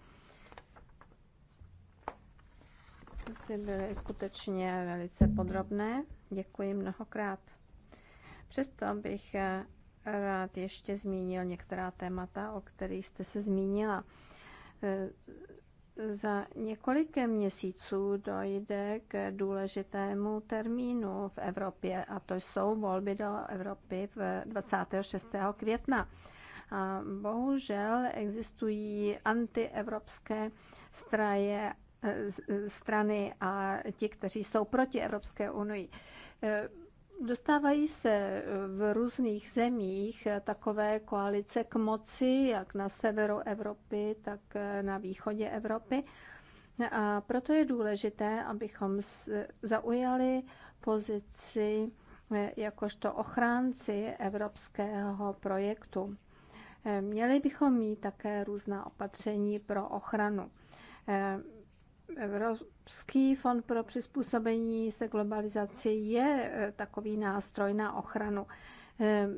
Ty byly skutečně velice podrobné. Děkuji mnohokrát. Přesto bych eh, rád ještě zmínil některá témata, o kterých jste se zmínila. E, za několik měsíců dojde k důležitému termínu v Evropě a to jsou volby do Evropy v 26. května. A bohužel existují antievropské straje, e, e, strany a ti, kteří jsou proti Evropské unii. Dostávají se eh, v různých zemích eh, takové koalice k moci, jak na severu Evropy, tak eh, na východě Evropy. A proto je důležité, abychom zaujali pozici jakožto ochránci evropského projektu. Měli bychom mít také různá opatření pro ochranu. Evropský fond pro přizpůsobení se globalizaci je e, takový nástroj na ochranu. E,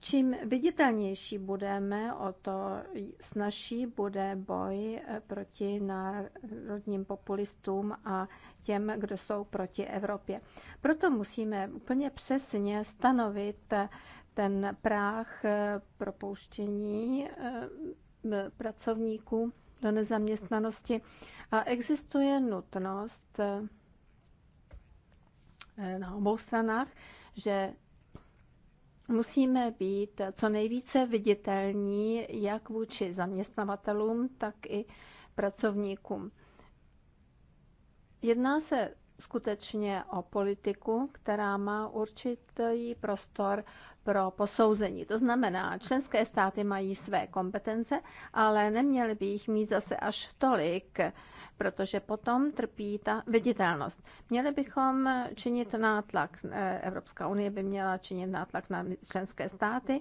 čím viditelnější budeme, o to snažší bude boj e, proti národním populistům a těm, kdo jsou proti Evropě. Proto musíme úplně přesně stanovit ten práh propouštění pracovníků do nezaměstnanosti a existuje nutnost eh, eh, na obou stranách, že musíme být co nejvíce viditelní jak vůči zaměstnavatelům, tak i pracovníkům. Jedná se skutečně o politiku, která má určitý prostor pro posouzení. To znamená, členské státy mají své kompetence, ale neměly by jich mít zase až tolik, protože potom trpí ta viditelnost. Měli bychom činit nátlak, eh, Evropská unie by měla činit nátlak na členské státy,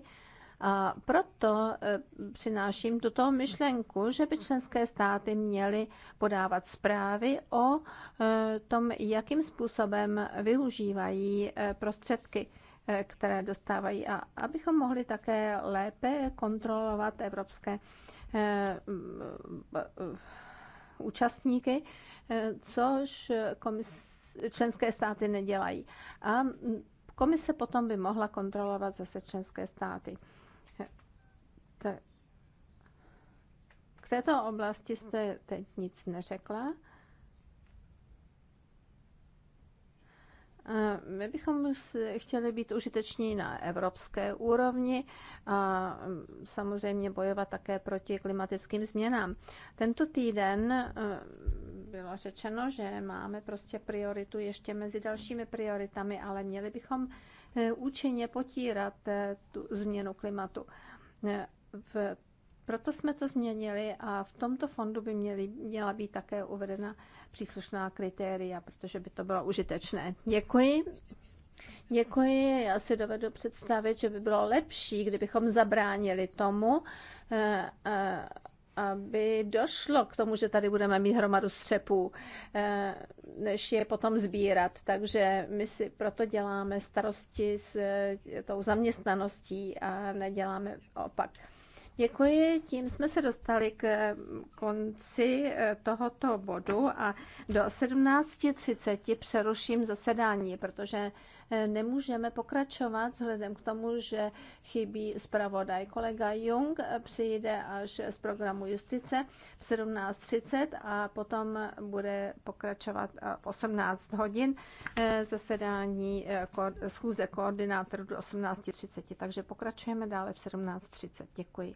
a proto eh, přináším tuto myšlenku, že by členské státy měly podávat zprávy o eh, tom, jakým způsobem využívají prostředky Eh, které dostávají a abychom mohli také lépe kontrolovat evropské eh, účastníky, eh, což komise, členské státy nedělají. A komise potom by mohla kontrolovat zase členské státy. K této oblasti jste teď nic neřekla. My bychom chtěli být užiteční na evropské úrovni a samozřejmě bojovat také proti klimatickým změnám. Tento týden e, bylo řečeno, že máme prostě prioritu ještě mezi dalšími prioritami, ale měli bychom e, účinně potírat e, tu změnu klimatu. V proto jsme to změnili a v tomto fondu by měly, měla být také uvedena příslušná kritéria, protože by to bylo užitečné. Děkuji. Děkuji. Já si dovedu představit, že by bylo lepší, kdybychom zabránili tomu, eh, eh, aby došlo k tomu, že tady budeme mít hromadu střepů, eh, než je potom sbírat. Takže my si proto děláme starosti s tou zaměstnaností a neděláme opak. Děkuji, tím jsme se dostali k konci eh, tohoto bodu a do 17.30 přeruším zasedání, protože Eh, nemůžeme pokračovat vzhledem k tomu, že chybí zpravodaj. Kolega Jung eh, přijde až z programu justice v 17.30 a potom bude pokračovat eh, v 18 hodin zasedání schůze koordinátorů do 18.30. Takže pokračujeme dále v 17.30. Děkuji.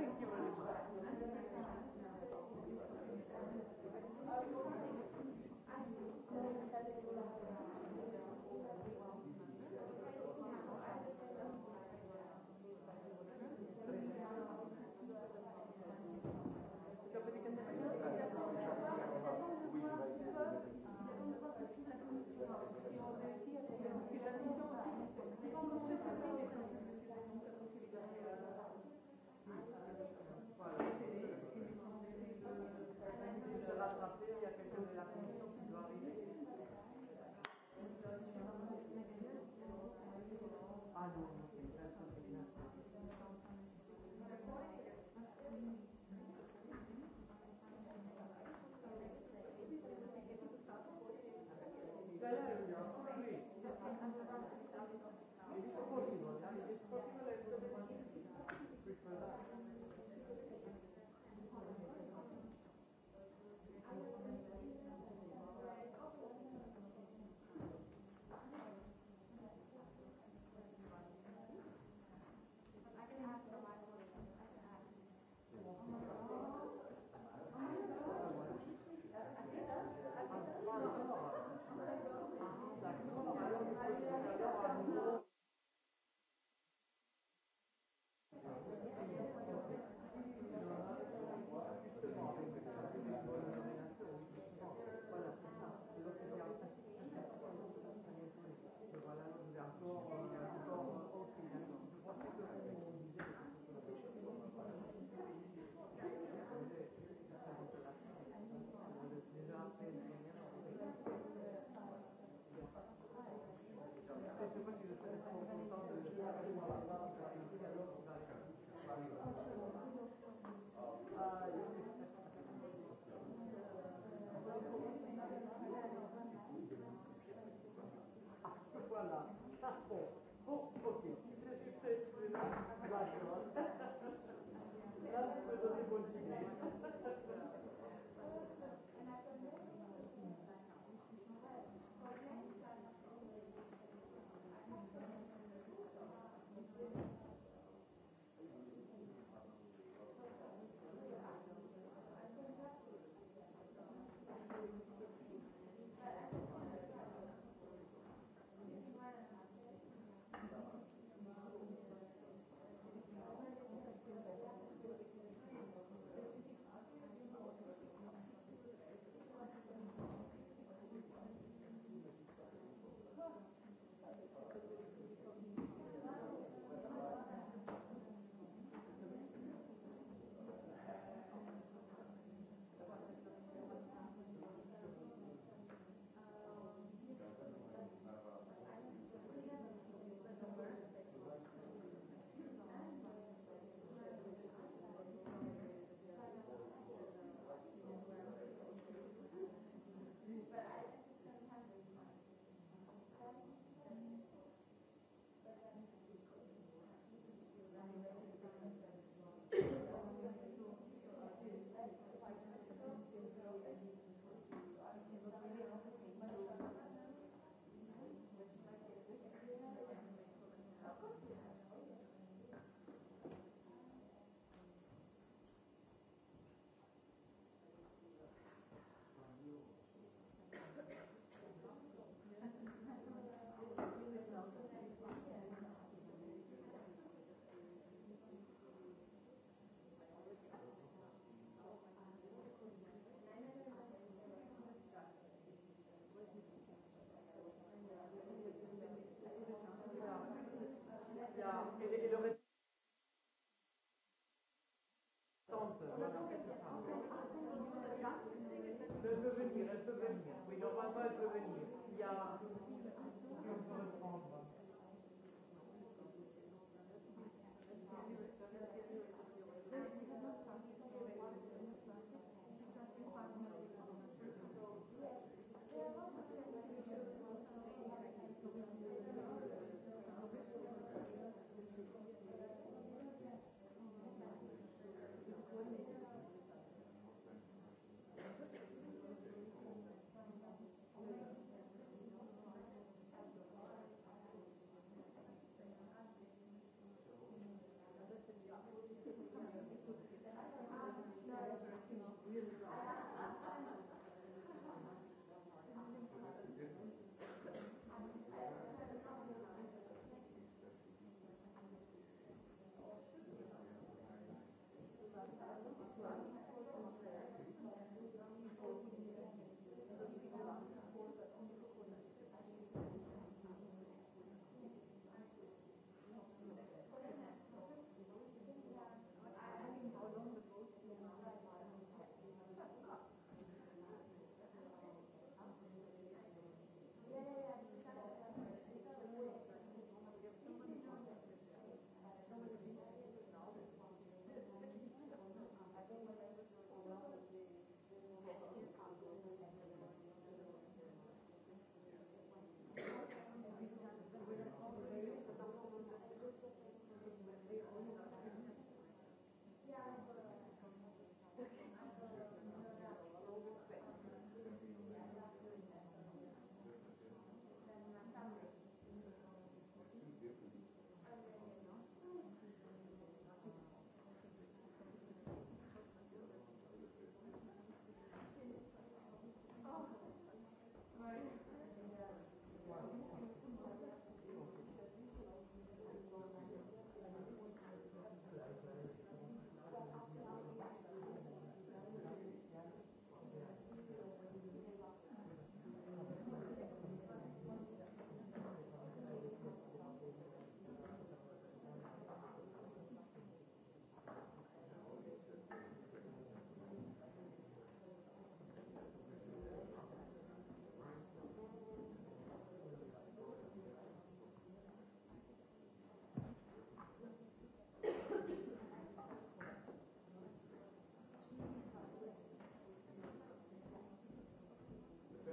Thank you. Thank you. de devenir, elle peut venir. Oui, on Je. pas a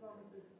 Thank you.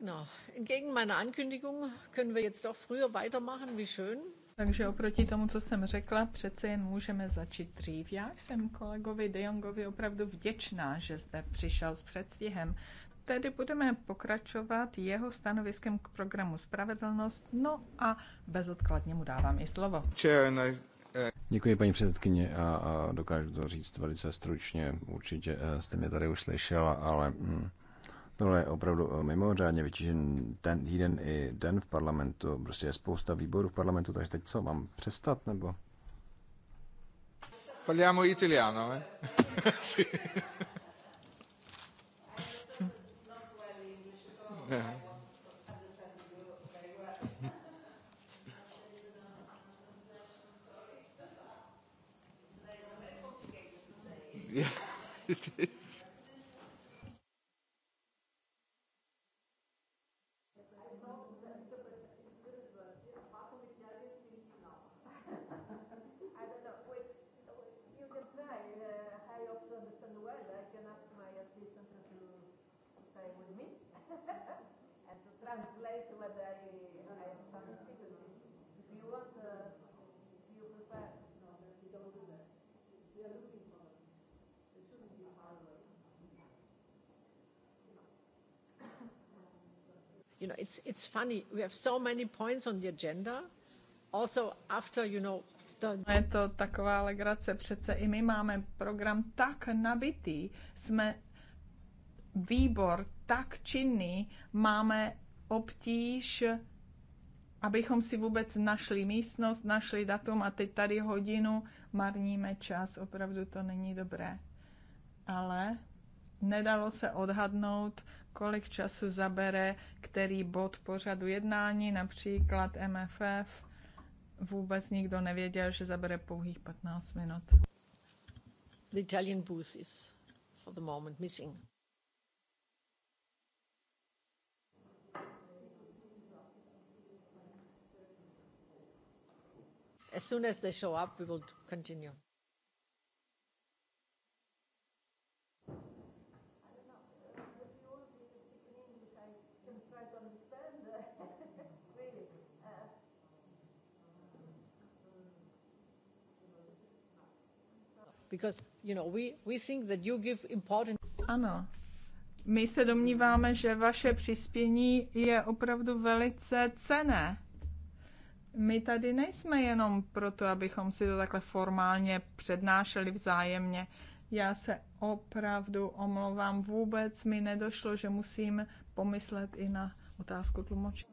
No, entgegen meiner Ankündigung können wir jetzt früher weitermachen, wie schön. Takže oproti tomu, co jsem řekla, přece jen můžeme začít dřív. Já jsem kolegovi De Jongovi opravdu vděčná, že zde přišel s předstihem. Tedy budeme pokračovat jeho stanoviskem k programu Spravedlnost, no a bezodkladně mu dávám i slovo. Uh, Děkuji, paní předsedkyně, a, a dokážu to říct velice stručně. Určitě eh, jste mě tady už slyšela, ale... Hm. Tohle je opravdu eh, mimořádně vytížen ten týden i den v parlamentu. Prostě je spousta výborů v parlamentu, takže teď co, mám přestat nebo? Parliamo italiano, eh? yeah. yeah. and to translate what I, I you want, uh, you prefer. No, we no, don't do that. We are looking for it. It shouldn't be You know, it's, it's funny. We have so many points on the agenda. Also, after, you know, the. No, je to taková legrace, přece i my máme program tak nabitý, jsme výbor tak činný, máme obtíž, abychom si vůbec našli místnost, našli datum a teď tady hodinu marníme čas. Opravdu to není dobré. Ale nedalo se odhadnout, kolik času zabere který bod pořadu jednání, například MFF. Vůbec nikdo nevěděl, že zabere pouhých 15 minut. The Italian booth is for the moment missing. as soon as they show up, we will continue. Because, you know, we, we think that you give important... Ano, my se domníváme, že vaše přispění je opravdu velice cené my tady nejsme jenom proto, abychom si to takhle formálně přednášeli vzájemně. Já se opravdu omlouvám, vůbec mi nedošlo, že musím pomyslet i na otázku tlumočení.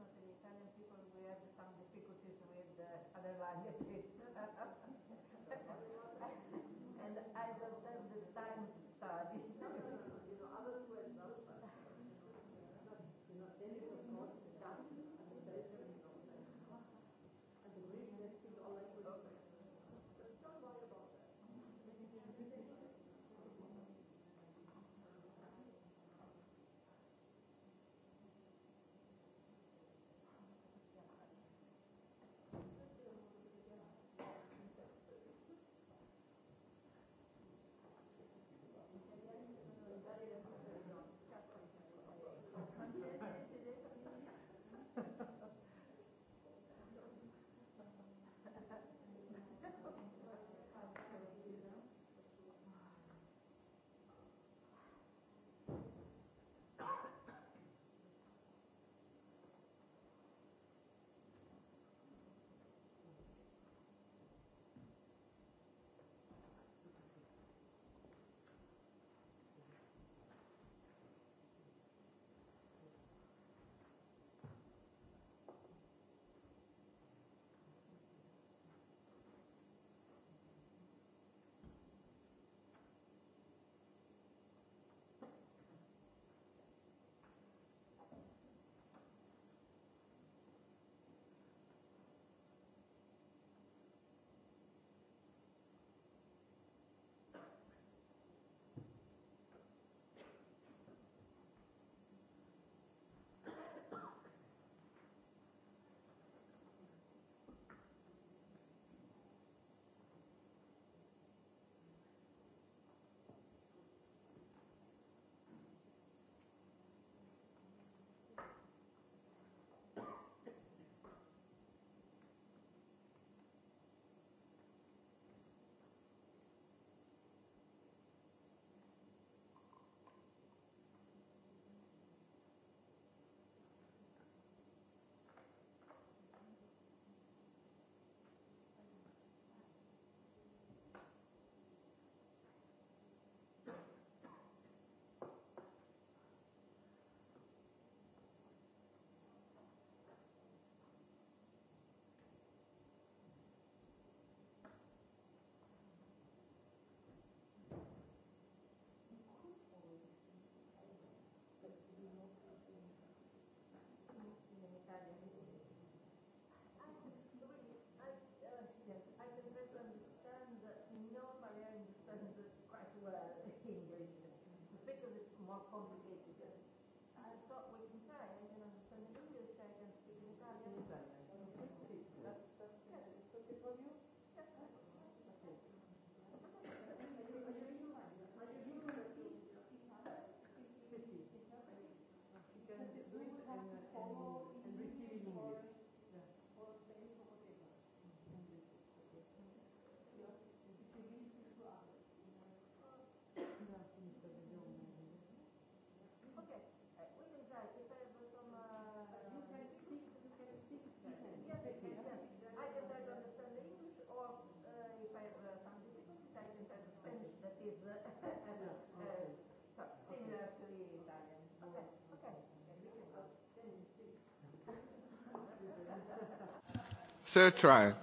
Third try.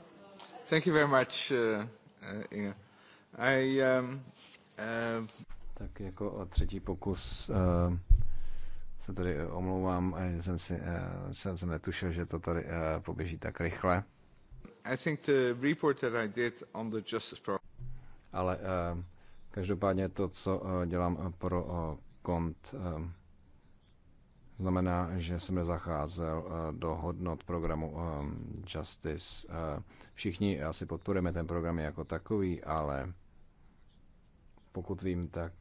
Thank you very much, uh, uh Inge. I, um, uh... Tak jako třetí pokus uh, se tady omlouvám, jsem, si, uh, jsem, jsem netušil, že to tady uh, poběží tak rychle. I think the report that I did on the justice program. Ale uh, každopádně to, co uh, dělám pro uh, kont uh, znamená, že jsem nezacházel eh, do hodnot programu eh, Justice. Eh, všichni asi podporujeme ten program jako takový, ale pokud vím, tak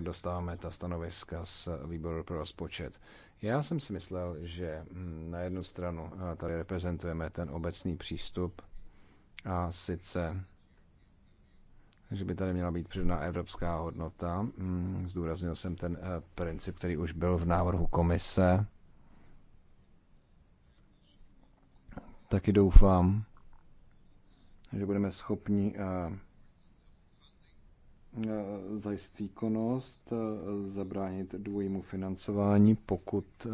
dostáváme ta stanoviska z výboru pro rozpočet. Já jsem si myslel, že hm, na jednu stranu tady reprezentujeme ten obecný přístup a sice že by tady měla být přidaná evropská hodnota. Mm, zdůraznil jsem ten eh, princip, který už byl v návrhu komise. Taky doufám, že budeme schopni eh, eh, zajistit výkonnost, zabránit dvojímu financování, pokud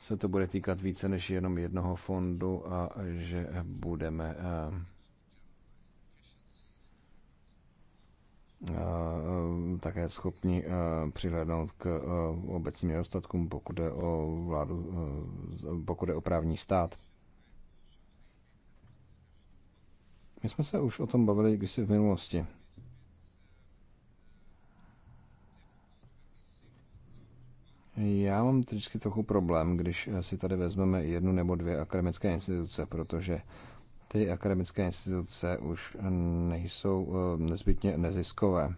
se to bude týkat více než jenom jednoho fondu a že budeme Eh, také schopni eh, přihlednout k eh, obecním nedostatkům, pokud je o vládu, pokud je o právní stát. My jsme se už o tom bavili kdysi v minulosti. Já mám vždycky trochu problém, když si tady vezmeme jednu nebo dvě akademické instituce, protože ty akademické instituce už nejsou eh, nezbytně neziskové.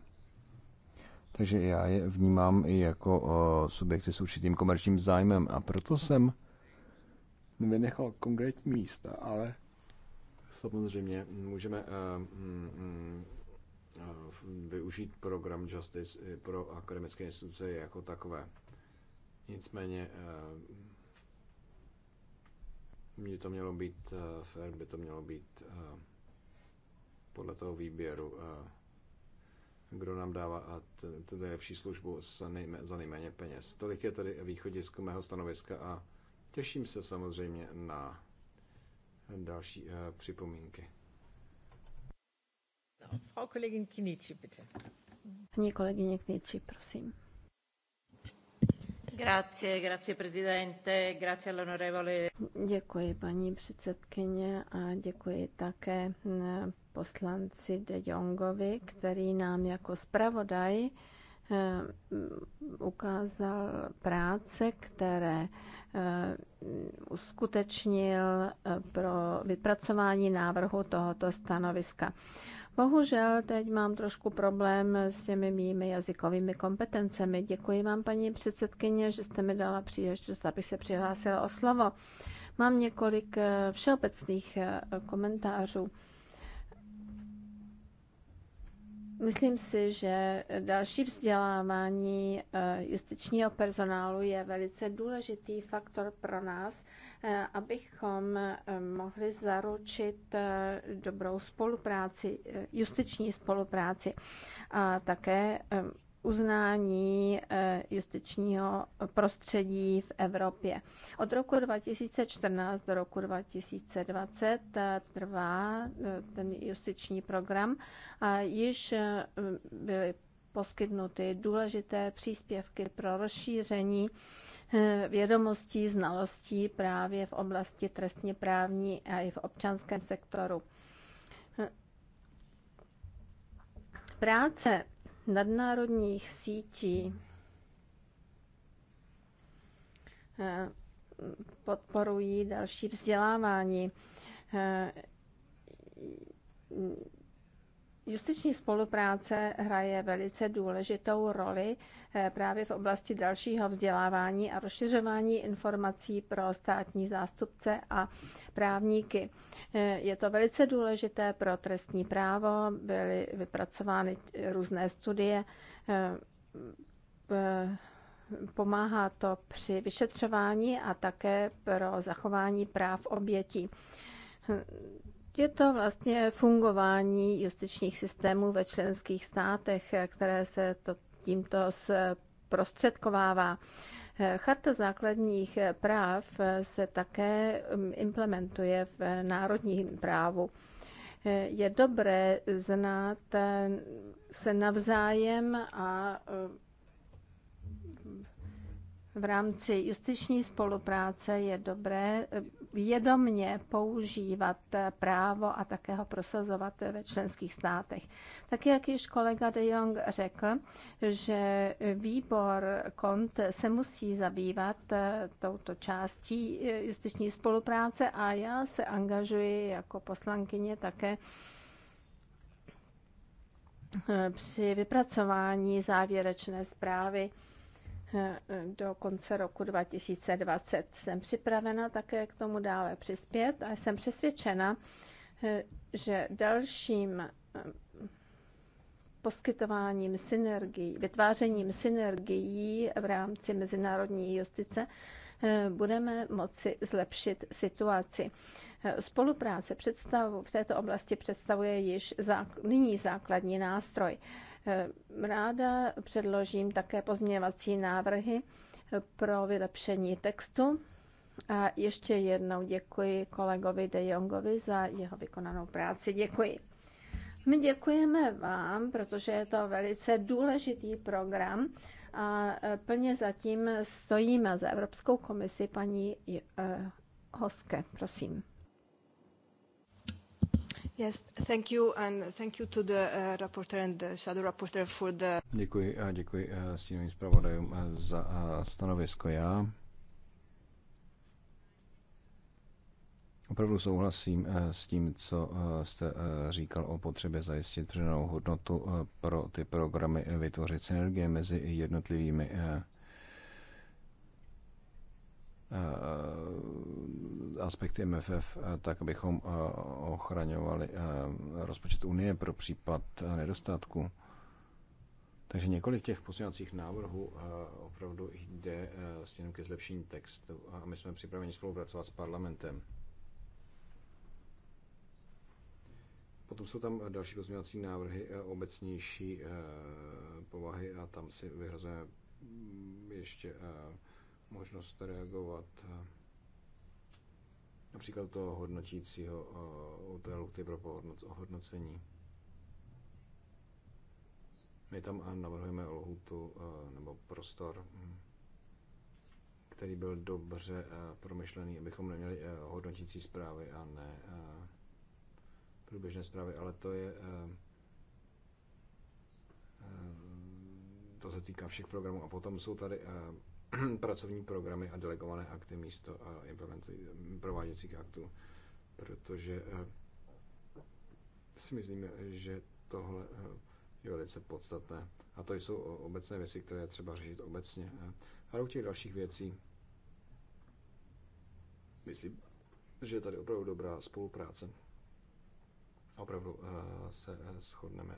Takže já je vnímám i jako eh, subjekty s určitým komerčním zájmem a proto jsem vynechal konkrétní místa, ale samozřejmě můžeme eh, mm, mm, využít program Justice i pro akademické instituce jako takové. Nicméně Eh, by to mělo být fair, by to mělo být podle toho výběru, eh, kdo nám dává tu nejlepší službu za nejméně peněz. Tolik je tady východisko mého stanoviska a těším se samozřejmě na další eh, připomínky. Frau Kollegin Kinici, bitte. Paní kolegyně Kniči, prosím. Grazie, grazie grazie all'onorevole. Děkuji paní předsedkyně a děkuji také mm, poslanci De Jongovi, který nám jako zpravodaj mm, ukázal práce, které mm, uskutečnil eh, pro vypracování návrhu tohoto stanoviska. Bohužel teď mám trošku problém s těmi mými jazykovými kompetencemi. Děkuji vám, paní předsedkyně, že jste mi dala příležitost, abych se přihlásila o slovo. Mám několik eh, všeobecných eh, komentářů. Myslím si, že další vzdělávání eh, justičního personálu je velice důležitý faktor pro nás, eh, abychom eh, mohli zaručit dobrou spolupráci, justiční spolupráci a také uznání eh, justičního prostředí v Evropě. Od roku 2014 do roku 2020 eh, trvá eh, ten justiční program a již byly poskytnuty důležité příspěvky pro rozšíření vědomostí, znalostí právě v oblasti trestně právní a i v občanském sektoru. Práce nadnárodních sítí eh, podporují další vzdělávání eh, Justiční spolupráce hraje velice důležitou roli eh, právě v oblasti dalšího vzdělávání a rozšiřování informací pro státní zástupce a právníky. Eh, je to velice důležité pro trestní právo, byly vypracovány různé studie, eh, pomáhá to při vyšetřování a také pro zachování práv obětí je to vlastně fungování justičních systémů ve členských státech, které se to tímto zprostředkovává. Charta základních práv se také um, implementuje v národním právu. Je dobré znát um, se navzájem a um, v rámci justiční spolupráce je dobré vědomně používat právo a také ho prosazovat ve členských státech. Tak jak již kolega de Jong řekl, že výbor KONT se musí zabývat touto částí justiční spolupráce a já se angažuji jako poslankyně také při vypracování závěrečné zprávy Eh, do konce roku 2020. Jsem připravena také k tomu dále přispět a jsem přesvědčena, eh, že dalším eh, poskytováním synergií, vytvářením synergií v rámci mezinárodní justice budeme moci zlepšit situaci. Spolupráce představu, v této oblasti představuje již zá, nyní základní nástroj. Eh, ráda předložím také pozměňovací návrhy eh, pro vylepšení textu. A ještě jednou děkuji kolegovi De Jongovi za jeho vykonanou práci. Děkuji. My děkujeme vám, protože je to velice důležitý program a eh, plně zatím stojíme za Evropskou komisi paní Hoske. Prosím. Yes, thank you and thank you to the uh, rapporteur and the shadow rapporteur for the... Děkuji a děkuji uh, stínovým zpravodajům uh, za uh, stanovisko. Já Opravdu souhlasím uh, s tím, co uh, jste říkal o potřebě zajistit přidanou hodnotu pro ty programy, vytvořit synergie mezi jednotlivými Eh, aspekty MFF, eh, tak abychom eh, ochraňovali rozpočet Unie pro případ nedostatku. Takže několik těch pozměňovacích návrhů opravdu jde tím ke zlepšení textu a my jsme připraveni spolupracovat s parlamentem. Potom jsou tam další pozměňovací návrhy obecnější povahy a tam si vyhrazujeme mm, ještě možnost reagovat eh, například toho hodnotícího eh, u té lukty pro hodnocení. My tam navrhujeme lhutu eh, nebo prostor, hm, který byl dobře promyšlený, abychom neměli hodnotící zprávy a ne průběžné zprávy, ale to je to se týká všech programů. A potom jsou tady pracovní programy a delegované akty místo a prováděcích aktů, protože eh, si myslím, že tohle eh, je velice podstatné. A to jsou eh, obecné věci, které třeba řešit obecně. A u těch dalších věcí myslím, že je tady opravdu dobrá spolupráce. Opravdu se shodneme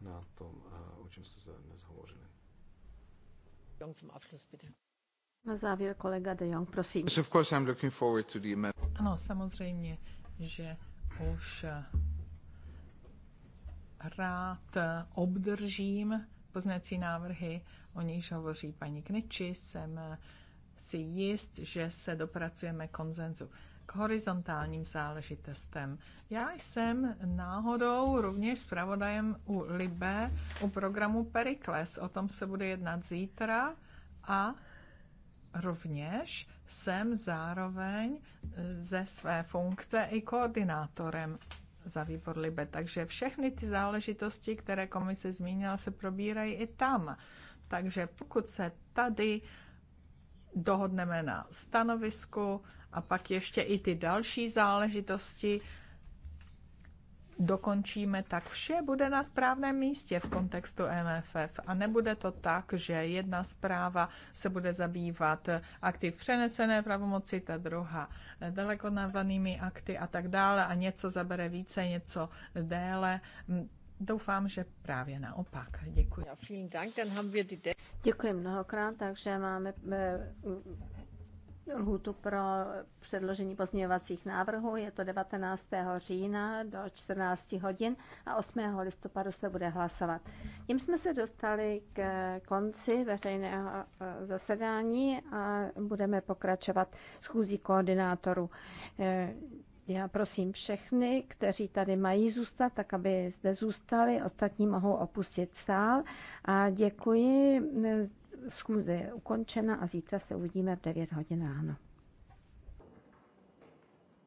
na tom, o čem jste se dnes hovořili. Na závěr kolega De Jong, prosím. Ano, samozřejmě, že už eh, rád eh, obdržím poznací návrhy, o nichž hovoří paní Kniči. Jsem eh, si jist, že se dopracujeme konzenzu horizontálním záležitostem. Já jsem náhodou rovněž zpravodajem u Libe u programu Perikles. O tom se bude jednat zítra a rovněž jsem zároveň e, ze své funkce i koordinátorem za výbor Libe. Takže všechny ty záležitosti, které komise zmínila, se probírají i tam. Takže pokud se tady dohodneme na stanovisku a pak ještě i ty další záležitosti dokončíme, tak vše bude na správném místě v kontextu MFF a nebude to tak, že jedna zpráva se bude zabývat aktiv přenesené pravomoci, ta druhá daleko akty a tak dále a něco zabere více, něco déle. Doufám, že právě naopak. Děkuji. Děkuji mnohokrát, takže máme eh, lhůtu pro předložení pozměňovacích návrhů. Je to 19. října do 14 hodin a 8. listopadu se bude hlasovat. Tím jsme se dostali k konci veřejného eh, zasedání a budeme pokračovat schůzí koordinátorů. Eh, já prosím všechny, kteří tady mají zůstat, tak aby zde zůstali, ostatní mohou opustit sál. A děkuji, schůze je ukončena a zítra se uvidíme v 9 hodin ráno.